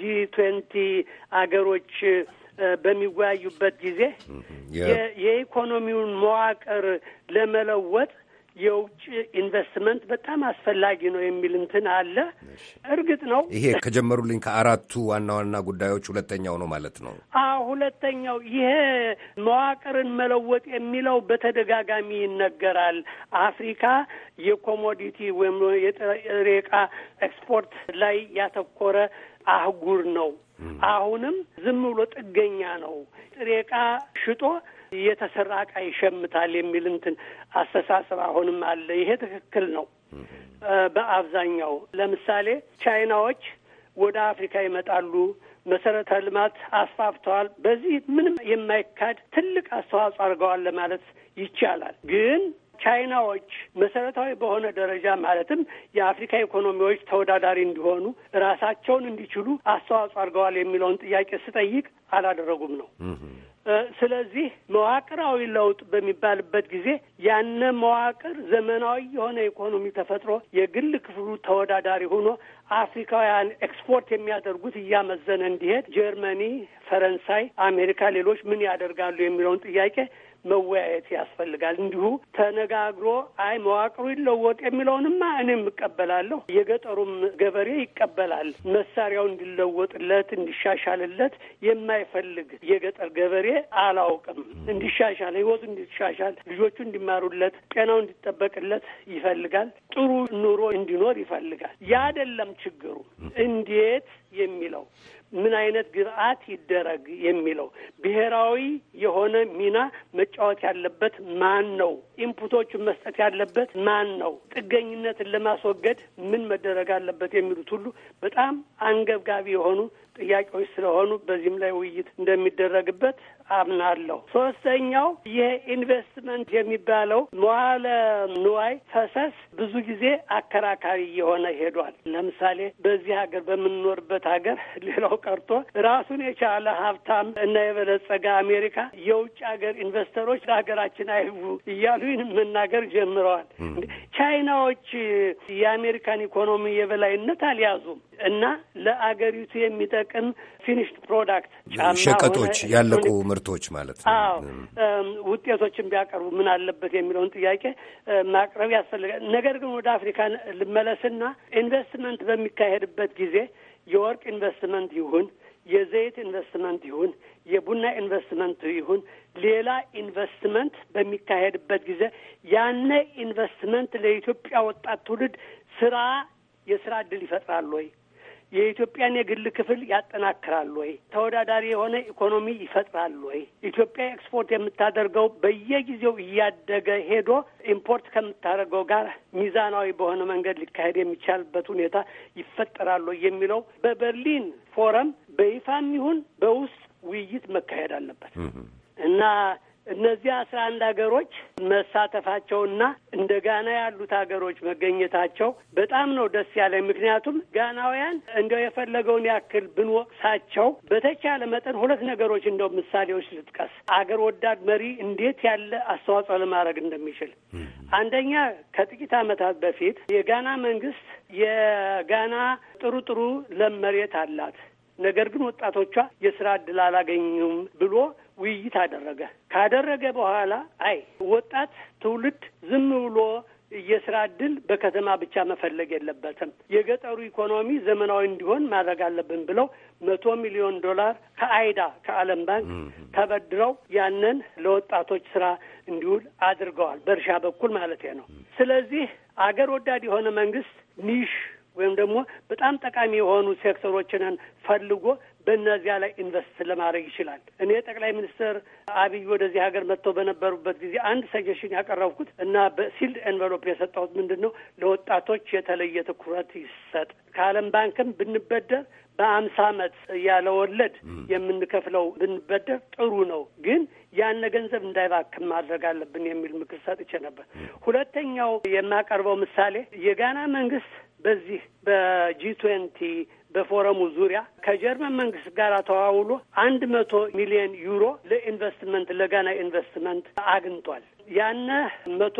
ጂ ትዌንቲ አገሮች በሚወያዩበት ጊዜ የኢኮኖሚውን መዋቅር ለመለወጥ የውጭ ኢንቨስትመንት በጣም አስፈላጊ ነው የሚል እንትን አለ። እርግጥ ነው ይሄ ከጀመሩልኝ ከአራቱ ዋና ዋና ጉዳዮች ሁለተኛው ነው ማለት ነው። አዎ ሁለተኛው ይሄ መዋቅርን መለወጥ የሚለው በተደጋጋሚ ይነገራል። አፍሪካ የኮሞዲቲ ወይም የጥሬ ዕቃ ኤክስፖርት ላይ ያተኮረ አህጉር ነው። አሁንም ዝም ብሎ ጥገኛ ነው። ጥሬ ዕቃ ሽጦ የተሰራ እቃ ይሸምታል የሚል እንትን አስተሳሰብ አሁንም አለ። ይሄ ትክክል ነው። በአብዛኛው ለምሳሌ ቻይናዎች ወደ አፍሪካ ይመጣሉ። መሰረተ ልማት አስፋፍተዋል። በዚህ ምንም የማይካድ ትልቅ አስተዋጽኦ አድርገዋል ለማለት ይቻላል። ግን ቻይናዎች መሰረታዊ በሆነ ደረጃ ማለትም የአፍሪካ ኢኮኖሚዎች ተወዳዳሪ እንዲሆኑ ራሳቸውን እንዲችሉ አስተዋጽኦ አድርገዋል የሚለውን ጥያቄ ስጠይቅ አላደረጉም ነው። ስለዚህ መዋቅራዊ ለውጥ በሚባልበት ጊዜ ያነ መዋቅር ዘመናዊ የሆነ ኢኮኖሚ ተፈጥሮ የግል ክፍሉ ተወዳዳሪ ሆኖ አፍሪካውያን ኤክስፖርት የሚያደርጉት እያመዘነ እንዲሄድ ጀርመኒ፣ ፈረንሳይ፣ አሜሪካ ሌሎች ምን ያደርጋሉ የሚለውን ጥያቄ መወያየት ያስፈልጋል። እንዲሁ ተነጋግሮ አይ መዋቅሩ ይለወጥ የሚለውንማ እኔም እቀበላለሁ፣ የገጠሩም ገበሬ ይቀበላል። መሳሪያው እንዲለወጥለት እንዲሻሻልለት የማይፈልግ የገጠር ገበሬ አላውቅም። እንዲሻሻል፣ ህይወቱ እንዲሻሻል፣ ልጆቹ እንዲማሩለት፣ ጤናው እንዲጠበቅለት ይፈልጋል። ጥሩ ኑሮ እንዲኖር ይፈልጋል። ያደለም ችግሩ እንዴት የሚለው ምን አይነት ግብአት ይደረግ የሚለው ብሔራዊ የሆነ ሚና መጫወት ያለበት ማን ነው? ኢንፑቶቹን መስጠት ያለበት ማን ነው? ጥገኝነትን ለማስወገድ ምን መደረግ አለበት? የሚሉት ሁሉ በጣም አንገብጋቢ የሆኑ ጥያቄዎች ስለሆኑ በዚህም ላይ ውይይት እንደሚደረግበት አምናለሁ። ሶስተኛው የኢንቨስትመንት የሚባለው መዋለ ንዋይ ፈሰስ ብዙ ጊዜ አከራካሪ እየሆነ ሄዷል። ለምሳሌ በዚህ ሀገር በምንኖርበት ሀገር (laughs) ሌላው ቀርቶ ራሱን የቻለ ሀብታም እና የበለጸገ አሜሪካ የውጭ ሀገር ኢንቨስተሮች ሀገራችን አይቡ እያሉ መናገር ጀምረዋል። ቻይናዎች የአሜሪካን ኢኮኖሚ የበላይነት አልያዙም። እና ለአገሪቱ የሚጠቅም ፊኒሽድ ፕሮዳክት ሸቀጦች፣ ያለቁ ምርቶች ማለት ነው። ውጤቶችን ቢያቀርቡ ምን አለበት የሚለውን ጥያቄ ማቅረብ ያስፈልጋል። ነገር ግን ወደ አፍሪካ ልመለስና ኢንቨስትመንት በሚካሄድበት ጊዜ የወርቅ ኢንቨስትመንት ይሁን የዘይት ኢንቨስትመንት ይሁን የቡና ኢንቨስትመንት ይሁን ሌላ ኢንቨስትመንት በሚካሄድበት ጊዜ ያነ ኢንቨስትመንት ለኢትዮጵያ ወጣት ትውልድ ስራ የስራ እድል ይፈጥራል ወይ የኢትዮጵያን የግል ክፍል ያጠናክራል ወይ? ተወዳዳሪ የሆነ ኢኮኖሚ ይፈጥራል ወይ? ኢትዮጵያ ኤክስፖርት የምታደርገው በየጊዜው እያደገ ሄዶ ኢምፖርት ከምታደርገው ጋር ሚዛናዊ በሆነ መንገድ ሊካሄድ የሚቻልበት ሁኔታ ይፈጠራል ወይ የሚለው በበርሊን ፎረም በይፋም ይሁን በውስጥ ውይይት መካሄድ አለበት እና እነዚህ አስራ አንድ ሀገሮች መሳተፋቸውና እንደ ጋና ያሉት ሀገሮች መገኘታቸው በጣም ነው ደስ ያለኝ። ምክንያቱም ጋናውያን እንደው የፈለገውን ያክል ብንወቅሳቸው በተቻለ መጠን ሁለት ነገሮች እንደው ምሳሌዎች ልጥቀስ። አገር ወዳድ መሪ እንዴት ያለ አስተዋጽኦ ለማድረግ እንደሚችል አንደኛ ከጥቂት ዓመታት በፊት የጋና መንግስት የጋና ጥሩ ጥሩ ለም መሬት አላት፣ ነገር ግን ወጣቶቿ የስራ እድል አላገኙም ብሎ ውይይት አደረገ። ካደረገ በኋላ አይ ወጣት ትውልድ ዝም ብሎ የስራ እድል በከተማ ብቻ መፈለግ የለበትም፣ የገጠሩ ኢኮኖሚ ዘመናዊ እንዲሆን ማድረግ አለብን ብለው መቶ ሚሊዮን ዶላር ከአይዳ ከዓለም ባንክ ተበድረው ያንን ለወጣቶች ስራ እንዲውል አድርገዋል። በእርሻ በኩል ማለት ነው። ስለዚህ አገር ወዳድ የሆነ መንግስት ኒሽ ወይም ደግሞ በጣም ጠቃሚ የሆኑ ሴክተሮችን ፈልጎ በእነዚያ ላይ ኢንቨስት ለማድረግ ይችላል። እኔ ጠቅላይ ሚኒስትር አብይ ወደዚህ ሀገር መጥተው በነበሩበት ጊዜ አንድ ሰጀሽን ያቀረብኩት እና በሲልድ ኤንቨሎፕ የሰጠሁት ምንድን ነው ለወጣቶች የተለየ ትኩረት ይሰጥ። ከዓለም ባንክም ብንበደር በአምሳ ዓመት ያለ ወለድ የምንከፍለው ብንበደር ጥሩ ነው፣ ግን ያን ገንዘብ እንዳይባክም ማድረግ አለብን የሚል ምክር ሰጥቼ ነበር። ሁለተኛው የማቀርበው ምሳሌ የጋና መንግስት በዚህ በጂ ትዌንቲ በፎረሙ ዙሪያ ከጀርመን መንግስት ጋር ተዋውሎ አንድ መቶ ሚሊዮን ዩሮ ለኢንቨስትመንት ለጋና ኢንቨስትመንት አግኝቷል። ያነ መቶ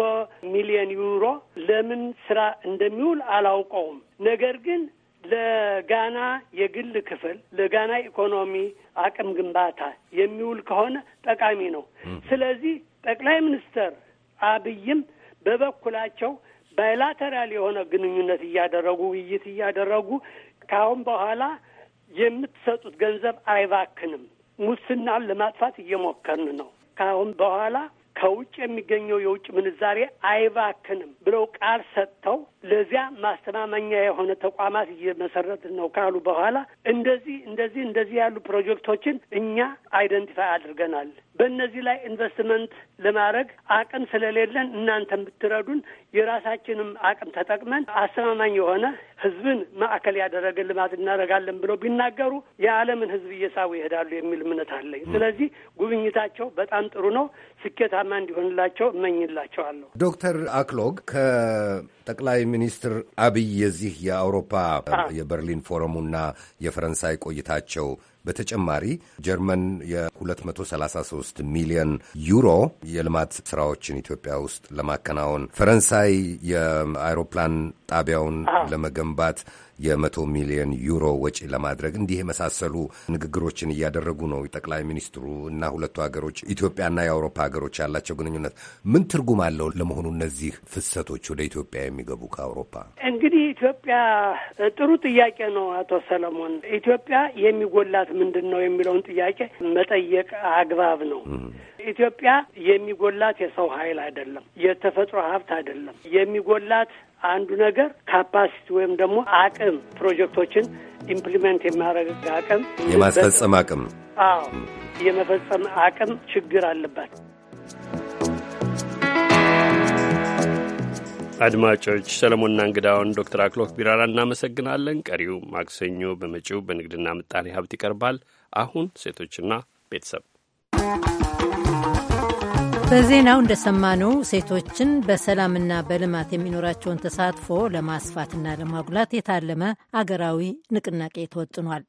ሚሊዮን ዩሮ ለምን ስራ እንደሚውል አላውቀውም። ነገር ግን ለጋና የግል ክፍል ለጋና ኢኮኖሚ አቅም ግንባታ የሚውል ከሆነ ጠቃሚ ነው። ስለዚህ ጠቅላይ ሚኒስትር አብይም በበኩላቸው ባይላተራል የሆነ ግንኙነት እያደረጉ ውይይት እያደረጉ ከአሁን በኋላ የምትሰጡት ገንዘብ አይባክንም። ሙስናን ለማጥፋት እየሞከርን ነው። ከአሁን በኋላ ከውጭ የሚገኘው የውጭ ምንዛሬ አይባክንም ብለው ቃል ሰጥተው ለዚያ ማስተማመኛ የሆነ ተቋማት እየመሰረትን ነው ካሉ በኋላ እንደዚህ እንደዚህ እንደዚህ ያሉ ፕሮጀክቶችን እኛ አይደንቲፋይ አድርገናል። በእነዚህ ላይ ኢንቨስትመንት ለማድረግ አቅም ስለሌለን እናንተን ብትረዱን የራሳችንም አቅም ተጠቅመን አስተማማኝ የሆነ ህዝብን ማዕከል ያደረገ ልማት እናደርጋለን ብለው ቢናገሩ የዓለምን ህዝብ እየሳቡ ይሄዳሉ የሚል እምነት አለኝ። ስለዚህ ጉብኝታቸው በጣም ጥሩ ነው። ስኬታማ እንዲሆንላቸው እመኝላቸዋለሁ። ዶክተር አክሎግ ከጠቅላይ ሚኒስትር አብይ የዚህ የአውሮፓ የበርሊን ፎረሙና የፈረንሳይ ቆይታቸው በተጨማሪ ጀርመን የ233 ሚሊዮን ዩሮ የልማት ስራዎችን ኢትዮጵያ ውስጥ ለማከናወን፣ ፈረንሳይ የአይሮፕላን ጣቢያውን ለመገንባት የመቶ ሚሊዮን ዩሮ ወጪ ለማድረግ እንዲህ የመሳሰሉ ንግግሮችን እያደረጉ ነው ጠቅላይ ሚኒስትሩ እና ሁለቱ ሀገሮች ኢትዮጵያና የአውሮፓ ሀገሮች ያላቸው ግንኙነት ምን ትርጉም አለው ለመሆኑ? እነዚህ ፍሰቶች ወደ ኢትዮጵያ የሚገቡ ከአውሮፓ እንግዲህ ኢትዮጵያ ጥሩ ጥያቄ ነው አቶ ሰለሞን። ኢትዮጵያ የሚጎላት ምንድን ነው የሚለውን ጥያቄ መጠየቅ አግባብ ነው። ኢትዮጵያ የሚጎላት የሰው ኃይል አይደለም፣ የተፈጥሮ ሀብት አይደለም። የሚጎላት አንዱ ነገር ካፓሲቲ ወይም ደግሞ አቅም ፕሮጀክቶችን ኢምፕሊመንት የማድረግ አቅም፣ የማስፈጸም አቅም፣ አዎ የመፈጸም አቅም ችግር አለባት። አድማጮች ሰለሞንና እንግዳውን ዶክተር አክሎክ ቢራራ እናመሰግናለን። ቀሪው ማክሰኞ በመጪው በንግድና ምጣኔ ሀብት ይቀርባል። አሁን ሴቶችና ቤተሰብ በዜናው እንደሰማነው ሴቶችን በሰላምና በልማት የሚኖራቸውን ተሳትፎ ለማስፋትና ለማጉላት የታለመ አገራዊ ንቅናቄ ተወጥኗል።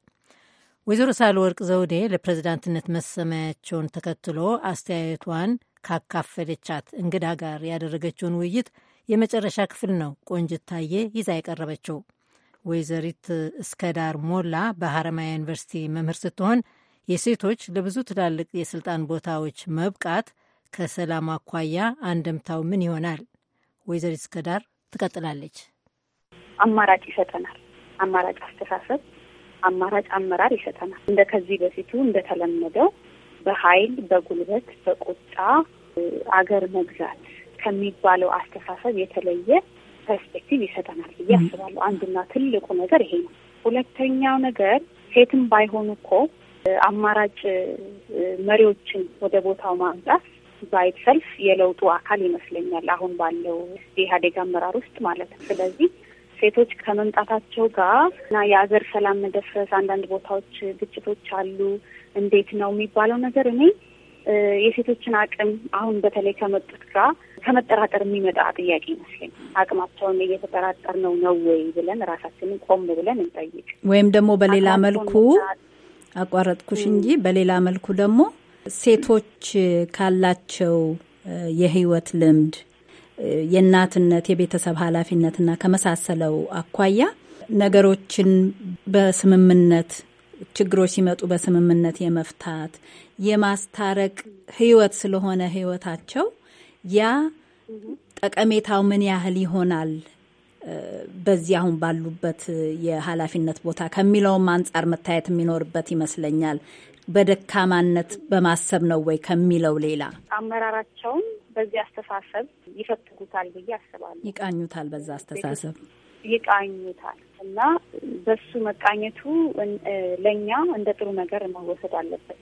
ወይዘሮ ሳህለወርቅ ዘውዴ ለፕሬዝዳንትነት መሰማያቸውን ተከትሎ አስተያየቷን ካካፈለቻት እንግዳ ጋር ያደረገችውን ውይይት የመጨረሻ ክፍል ነው ቆንጅት ታዬ ይዛ የቀረበችው። ወይዘሪት እስከዳር ሞላ በሐረማያ ዩኒቨርሲቲ መምህር ስትሆን የሴቶች ለብዙ ትላልቅ የስልጣን ቦታዎች መብቃት ከሰላም አኳያ አንደምታው ምን ይሆናል? ወይዘሪት እስከዳር ትቀጥላለች። አማራጭ ይሰጠናል። አማራጭ አስተሳሰብ፣ አማራጭ አመራር ይሰጠናል። እንደ ከዚህ በፊቱ እንደተለመደው በኃይል በጉልበት በቁጣ አገር መግዛት ከሚባለው አስተሳሰብ የተለየ ፐርስፔክቲቭ ይሰጠናል ብዬ አስባለሁ። አንዱና ትልቁ ነገር ይሄ ነው። ሁለተኛው ነገር ሴትም ባይሆኑ እኮ አማራጭ መሪዎችን ወደ ቦታው ማምጣት ባይት ሰልፍ የለውጡ አካል ይመስለኛል አሁን ባለው የኢህአዴግ አመራር ውስጥ ማለት ነው። ስለዚህ ሴቶች ከመምጣታቸው ጋር እና የአገር ሰላም መደፍረስ፣ አንዳንድ ቦታዎች ግጭቶች አሉ፣ እንዴት ነው የሚባለው ነገር እኔ የሴቶችን አቅም አሁን በተለይ ከመጡት ጋር ከመጠራጠር የሚመጣ ጥያቄ ይመስለኝ። አቅማቸውን እየተጠራጠር ነው ነው ወይ ብለን ራሳችንን ቆም ብለን እንጠይቅ። ወይም ደግሞ በሌላ መልኩ አቋረጥኩሽ እንጂ በሌላ መልኩ ደግሞ ሴቶች ካላቸው የህይወት ልምድ የእናትነት፣ የቤተሰብ ኃላፊነትና ከመሳሰለው አኳያ ነገሮችን በስምምነት ችግሮች ሲመጡ በስምምነት የመፍታት የማስታረቅ ህይወት ስለሆነ ህይወታቸው ያ ጠቀሜታው ምን ያህል ይሆናል በዚህ አሁን ባሉበት የኃላፊነት ቦታ ከሚለውም አንጻር መታየት የሚኖርበት ይመስለኛል። በደካማነት በማሰብ ነው ወይ ከሚለው ሌላ አመራራቸውም በዚህ አስተሳሰብ ይፈትጉታል ብዬ አስባለሁ። ይቃኙታል፣ በዛ አስተሳሰብ ይቃኙታል እና በሱ መቃኘቱ ለእኛ እንደ ጥሩ ነገር መወሰድ አለበት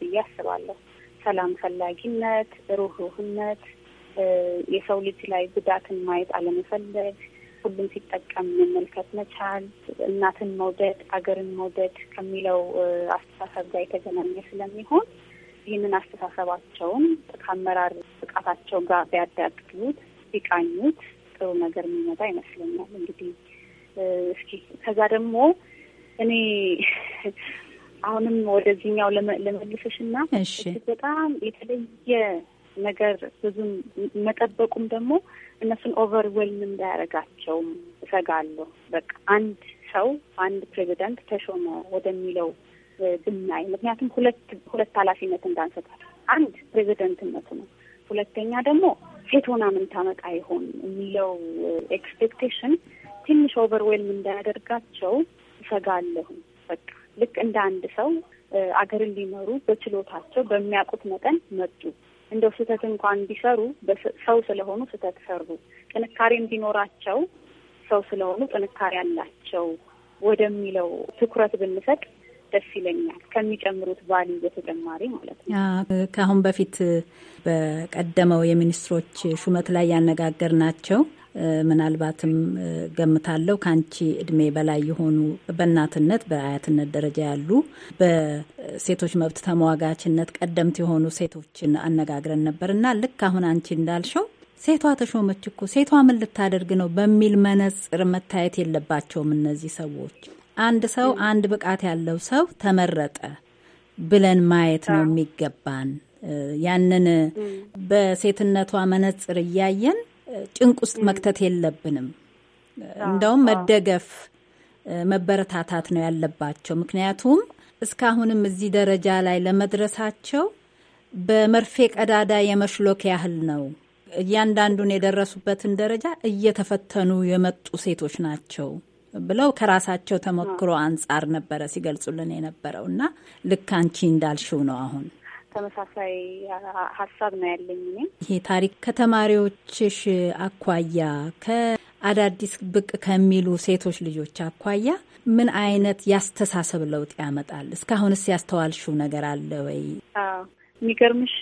ብዬ አስባለሁ። ሰላም ፈላጊነት፣ ሩህሩህነት፣ የሰው ልጅ ላይ ጉዳትን ማየት አለመፈለግ ሁሉም ሲጠቀም መመልከት መቻል እናትን መውደድ አገርን መውደድ ከሚለው አስተሳሰብ ጋር የተገናኘ ስለሚሆን ይህንን አስተሳሰባቸውን ከአመራር ብቃታቸው ጋር ቢያዳግሉት ቢቃኙት ጥሩ ነገር የሚመጣ ይመስለኛል። እንግዲህ እስኪ ከዛ ደግሞ እኔ አሁንም ወደዚህኛው ለመልሰሽ እና በጣም የተለየ ነገር ብዙም መጠበቁም ደግሞ እነሱን ኦቨርዌልም እንዳያደርጋቸውም እሰጋለሁ። በቃ አንድ ሰው አንድ ፕሬዚደንት ተሾመ ወደሚለው ብናይ፣ ምክንያቱም ሁለት ሁለት ኃላፊነት እንዳንሰጣል። አንድ ፕሬዚደንትነቱ ነው። ሁለተኛ ደግሞ ሴት ሆና ምን ታመጣ ይሆን የሚለው ኤክስፔክቴሽን ትንሽ ኦቨርዌልም እንዳያደርጋቸው እሰጋለሁ። በቃ ልክ እንደ አንድ ሰው አገርን ሊመሩ በችሎታቸው በሚያውቁት መጠን መጡ እንደው ስህተት እንኳን ቢሰሩ ሰው ስለሆኑ ስህተት ሰሩ፣ ጥንካሬም ቢኖራቸው ሰው ስለሆኑ ጥንካሬ አላቸው ወደሚለው ትኩረት ብንሰጥ ደስ ይለኛል። ከሚጨምሩት ባሊ በተጨማሪ ማለት ነው። ከአሁን በፊት በቀደመው የሚኒስትሮች ሹመት ላይ ያነጋገር ናቸው ምናልባትም ገምታለሁ ከአንቺ እድሜ በላይ የሆኑ በእናትነት በአያትነት ደረጃ ያሉ በሴቶች መብት ተሟጋችነት ቀደምት የሆኑ ሴቶችን አነጋግረን ነበር እና ልክ አሁን አንቺ እንዳልሽው ሴቷ ተሾመች እኮ ሴቷ ምን ልታደርግ ነው በሚል መነጽር መታየት የለባቸውም እነዚህ ሰዎች። አንድ ሰው አንድ ብቃት ያለው ሰው ተመረጠ ብለን ማየት ነው የሚገባን። ያንን በሴትነቷ መነጽር እያየን ጭንቅ ውስጥ መክተት የለብንም። እንደውም መደገፍ መበረታታት ነው ያለባቸው። ምክንያቱም እስካሁንም እዚህ ደረጃ ላይ ለመድረሳቸው በመርፌ ቀዳዳ የመሽሎክ ያህል ነው። እያንዳንዱን የደረሱበትን ደረጃ እየተፈተኑ የመጡ ሴቶች ናቸው ብለው ከራሳቸው ተሞክሮ አንጻር ነበረ ሲገልጹልን የነበረው እና ልክ አንቺ እንዳልሽው ነው አሁን ተመሳሳይ ሀሳብ ነው ያለኝ። ኔ ይሄ ታሪክ ከተማሪዎችሽ አኳያ ከአዳዲስ ብቅ ከሚሉ ሴቶች ልጆች አኳያ ምን አይነት ያስተሳሰብ ለውጥ ያመጣል? እስካሁንስ ያስተዋልሽው ነገር አለ ወይ? የሚገርምሽ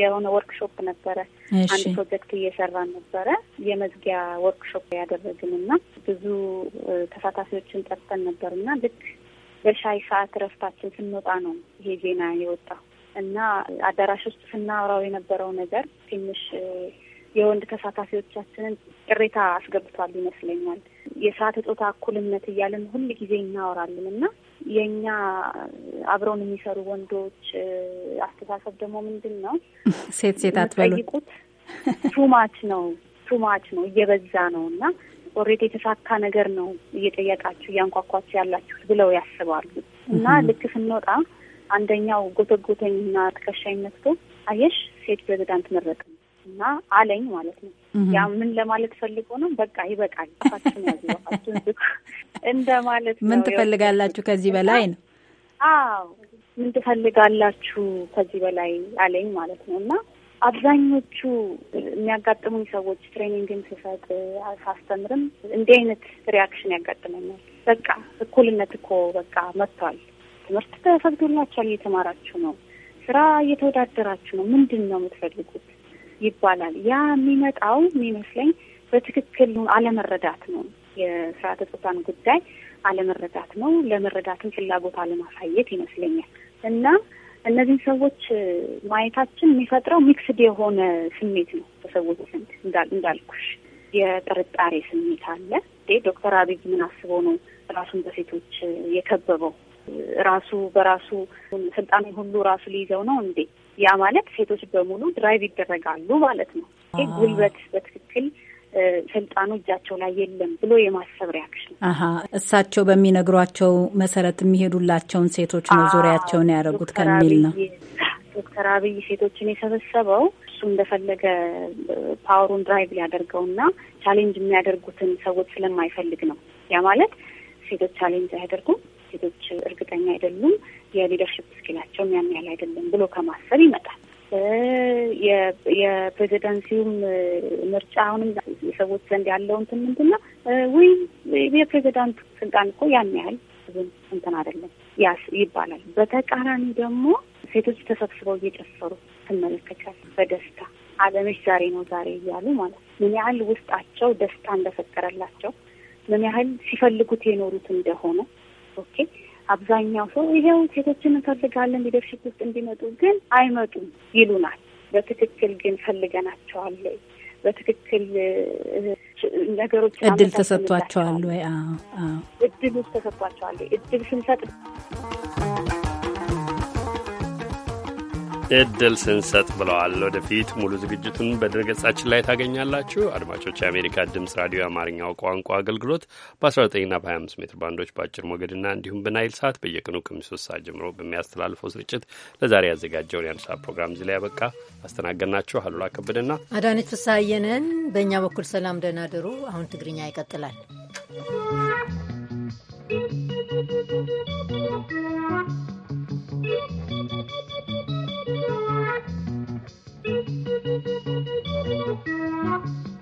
የሆነ ወርክሾፕ ነበረ። አንድ ፕሮጀክት እየሰራን ነበረ የመዝጊያ ወርክሾፕ ያደረግን እና ብዙ ተሳታፊዎችን ጠርተን ነበር እና ልክ በሻይ ሰዓት እረፍታችን ስንወጣ ነው ይሄ ዜና የወጣው እና አዳራሽ ውስጥ ስናወራው የነበረው ነገር ትንሽ የወንድ ተሳታፊዎቻችንን ቅሬታ አስገብቷል ይመስለኛል። የስርዓተ ጾታ እኩልነት እያልን ሁል ጊዜ እናወራለን እና የእኛ አብረውን የሚሰሩ ወንዶች አስተሳሰብ ደግሞ ምንድን ነው? ሴት ሴት አትበሉት፣ ቱማች ነው ቱማች ነው እየበዛ ነው እና ኦሬት የተሳካ ነገር ነው እየጠየቃችሁ እያንኳኳችሁ ያላችሁት ብለው ያስባሉ እና ልክ ስንወጣ አንደኛው ጎተጎተኝና ትከሻኝ ነክቶ አየሽ ሴት ፕሬዚዳንት መረጥን እና አለኝ ማለት ነው። ያ ምን ለማለት ፈልጎ ነው? በቃ ይበቃል እንደ ማለት ነው። ምን ትፈልጋላችሁ ከዚህ በላይ ነው? አዎ ምን ትፈልጋላችሁ ከዚህ በላይ አለኝ ማለት ነው። እና አብዛኞቹ የሚያጋጥሙኝ ሰዎች ትሬኒንግን ስሰጥ ሳስተምርም እንዲህ አይነት ሪያክሽን ያጋጥመኛል። በቃ እኩልነት እኮ በቃ መጥቷል ትምህርት ተፈቅዶላቸዋል፣ እየተማራችሁ ነው፣ ስራ እየተወዳደራችሁ ነው፣ ምንድን ነው የምትፈልጉት ይባላል። ያ የሚመጣው የሚመስለኝ በትክክል አለመረዳት ነው። የስርዓተ ጾታን ጉዳይ አለመረዳት ነው። ለመረዳትም ፍላጎት አለማሳየት ይመስለኛል እና እነዚህን ሰዎች ማየታችን የሚፈጥረው ሚክስድ የሆነ ስሜት ነው በሰዎች ዘንድ እንዳልኩሽ የጥርጣሬ ስሜት አለ። ዶክተር አብይ ምን አስበው ነው ራሱን በሴቶች የከበበው ራሱ በራሱ ስልጣኑ ሁሉ ራሱ ሊይዘው ነው እንዴ? ያ ማለት ሴቶች በሙሉ ድራይቭ ይደረጋሉ ማለት ነው። ይህ ጉልበት በትክክል ስልጣኑ እጃቸው ላይ የለም ብሎ የማሰብ ሪያክሽን። አሀ እሳቸው በሚነግሯቸው መሰረት የሚሄዱላቸውን ሴቶች ነው ዙሪያቸውን ያደረጉት ከሚል ነው። ዶክተር አብይ ሴቶችን የሰበሰበው እሱ እንደፈለገ ፓወሩን ድራይቭ ሊያደርገውና ቻሌንጅ የሚያደርጉትን ሰዎች ስለማይፈልግ ነው። ያ ማለት ሴቶች ቻሌንጅ አያደርጉም ሴቶች እርግጠኛ አይደሉም፣ የሊደርሽፕ ስኪላቸውም ያን ያህል አይደለም ብሎ ከማሰብ ይመጣል። የፕሬዚደንሲውም ምርጫ አሁንም የሰዎች ዘንድ ያለው እንትን ምንድን ነው ወይም የፕሬዚዳንት ስልጣን እኮ ያን ያህል ብዙም እንትን አይደለም ያስ ይባላል። በተቃራኒ ደግሞ ሴቶች ተሰብስበው እየጨፈሩ ትመለከቻል በደስታ አለምሽ ዛሬ ነው ዛሬ እያሉ ማለት ምን ያህል ውስጣቸው ደስታ እንደፈጠረላቸው ምን ያህል ሲፈልጉት የኖሩት እንደሆነ ኦኬ አብዛኛው ሰው ይሄው ሴቶችን እንፈልጋለን ሊደርሽፕ ውስጥ እንዲመጡ ግን አይመጡም ይሉናል። በትክክል ግን ፈልገናቸዋል ወይ? በትክክል ነገሮች እድል ተሰጥቷቸዋል ወይ? እድል ውስጥ ተሰጥቷቸዋል። እድል ስንሰጥ እድል ስንሰጥ ብለዋል። ወደፊት ሙሉ ዝግጅቱን በድረገጻችን ላይ ታገኛላችሁ። አድማጮች፣ የአሜሪካ ድምፅ ራዲዮ የአማርኛው ቋንቋ አገልግሎት በ19ና በ25 ሜትር ባንዶች በአጭር ሞገድና እንዲሁም በናይል ሰዓት በየቀኑ ከምሽቱ ሶስት ሰዓት ጀምሮ በሚያስተላልፈው ስርጭት ለዛሬ ያዘጋጀውን የአንድ ሰዓት ፕሮግራም እዚህ ላይ ያበቃ። አስተናገድናችሁ አሉላ ከበደና አዳነች ፍስሐየንን። በእኛ በኩል ሰላም ደህና ደሩ። አሁን ትግርኛ ይቀጥላል። Thank you. Thank you.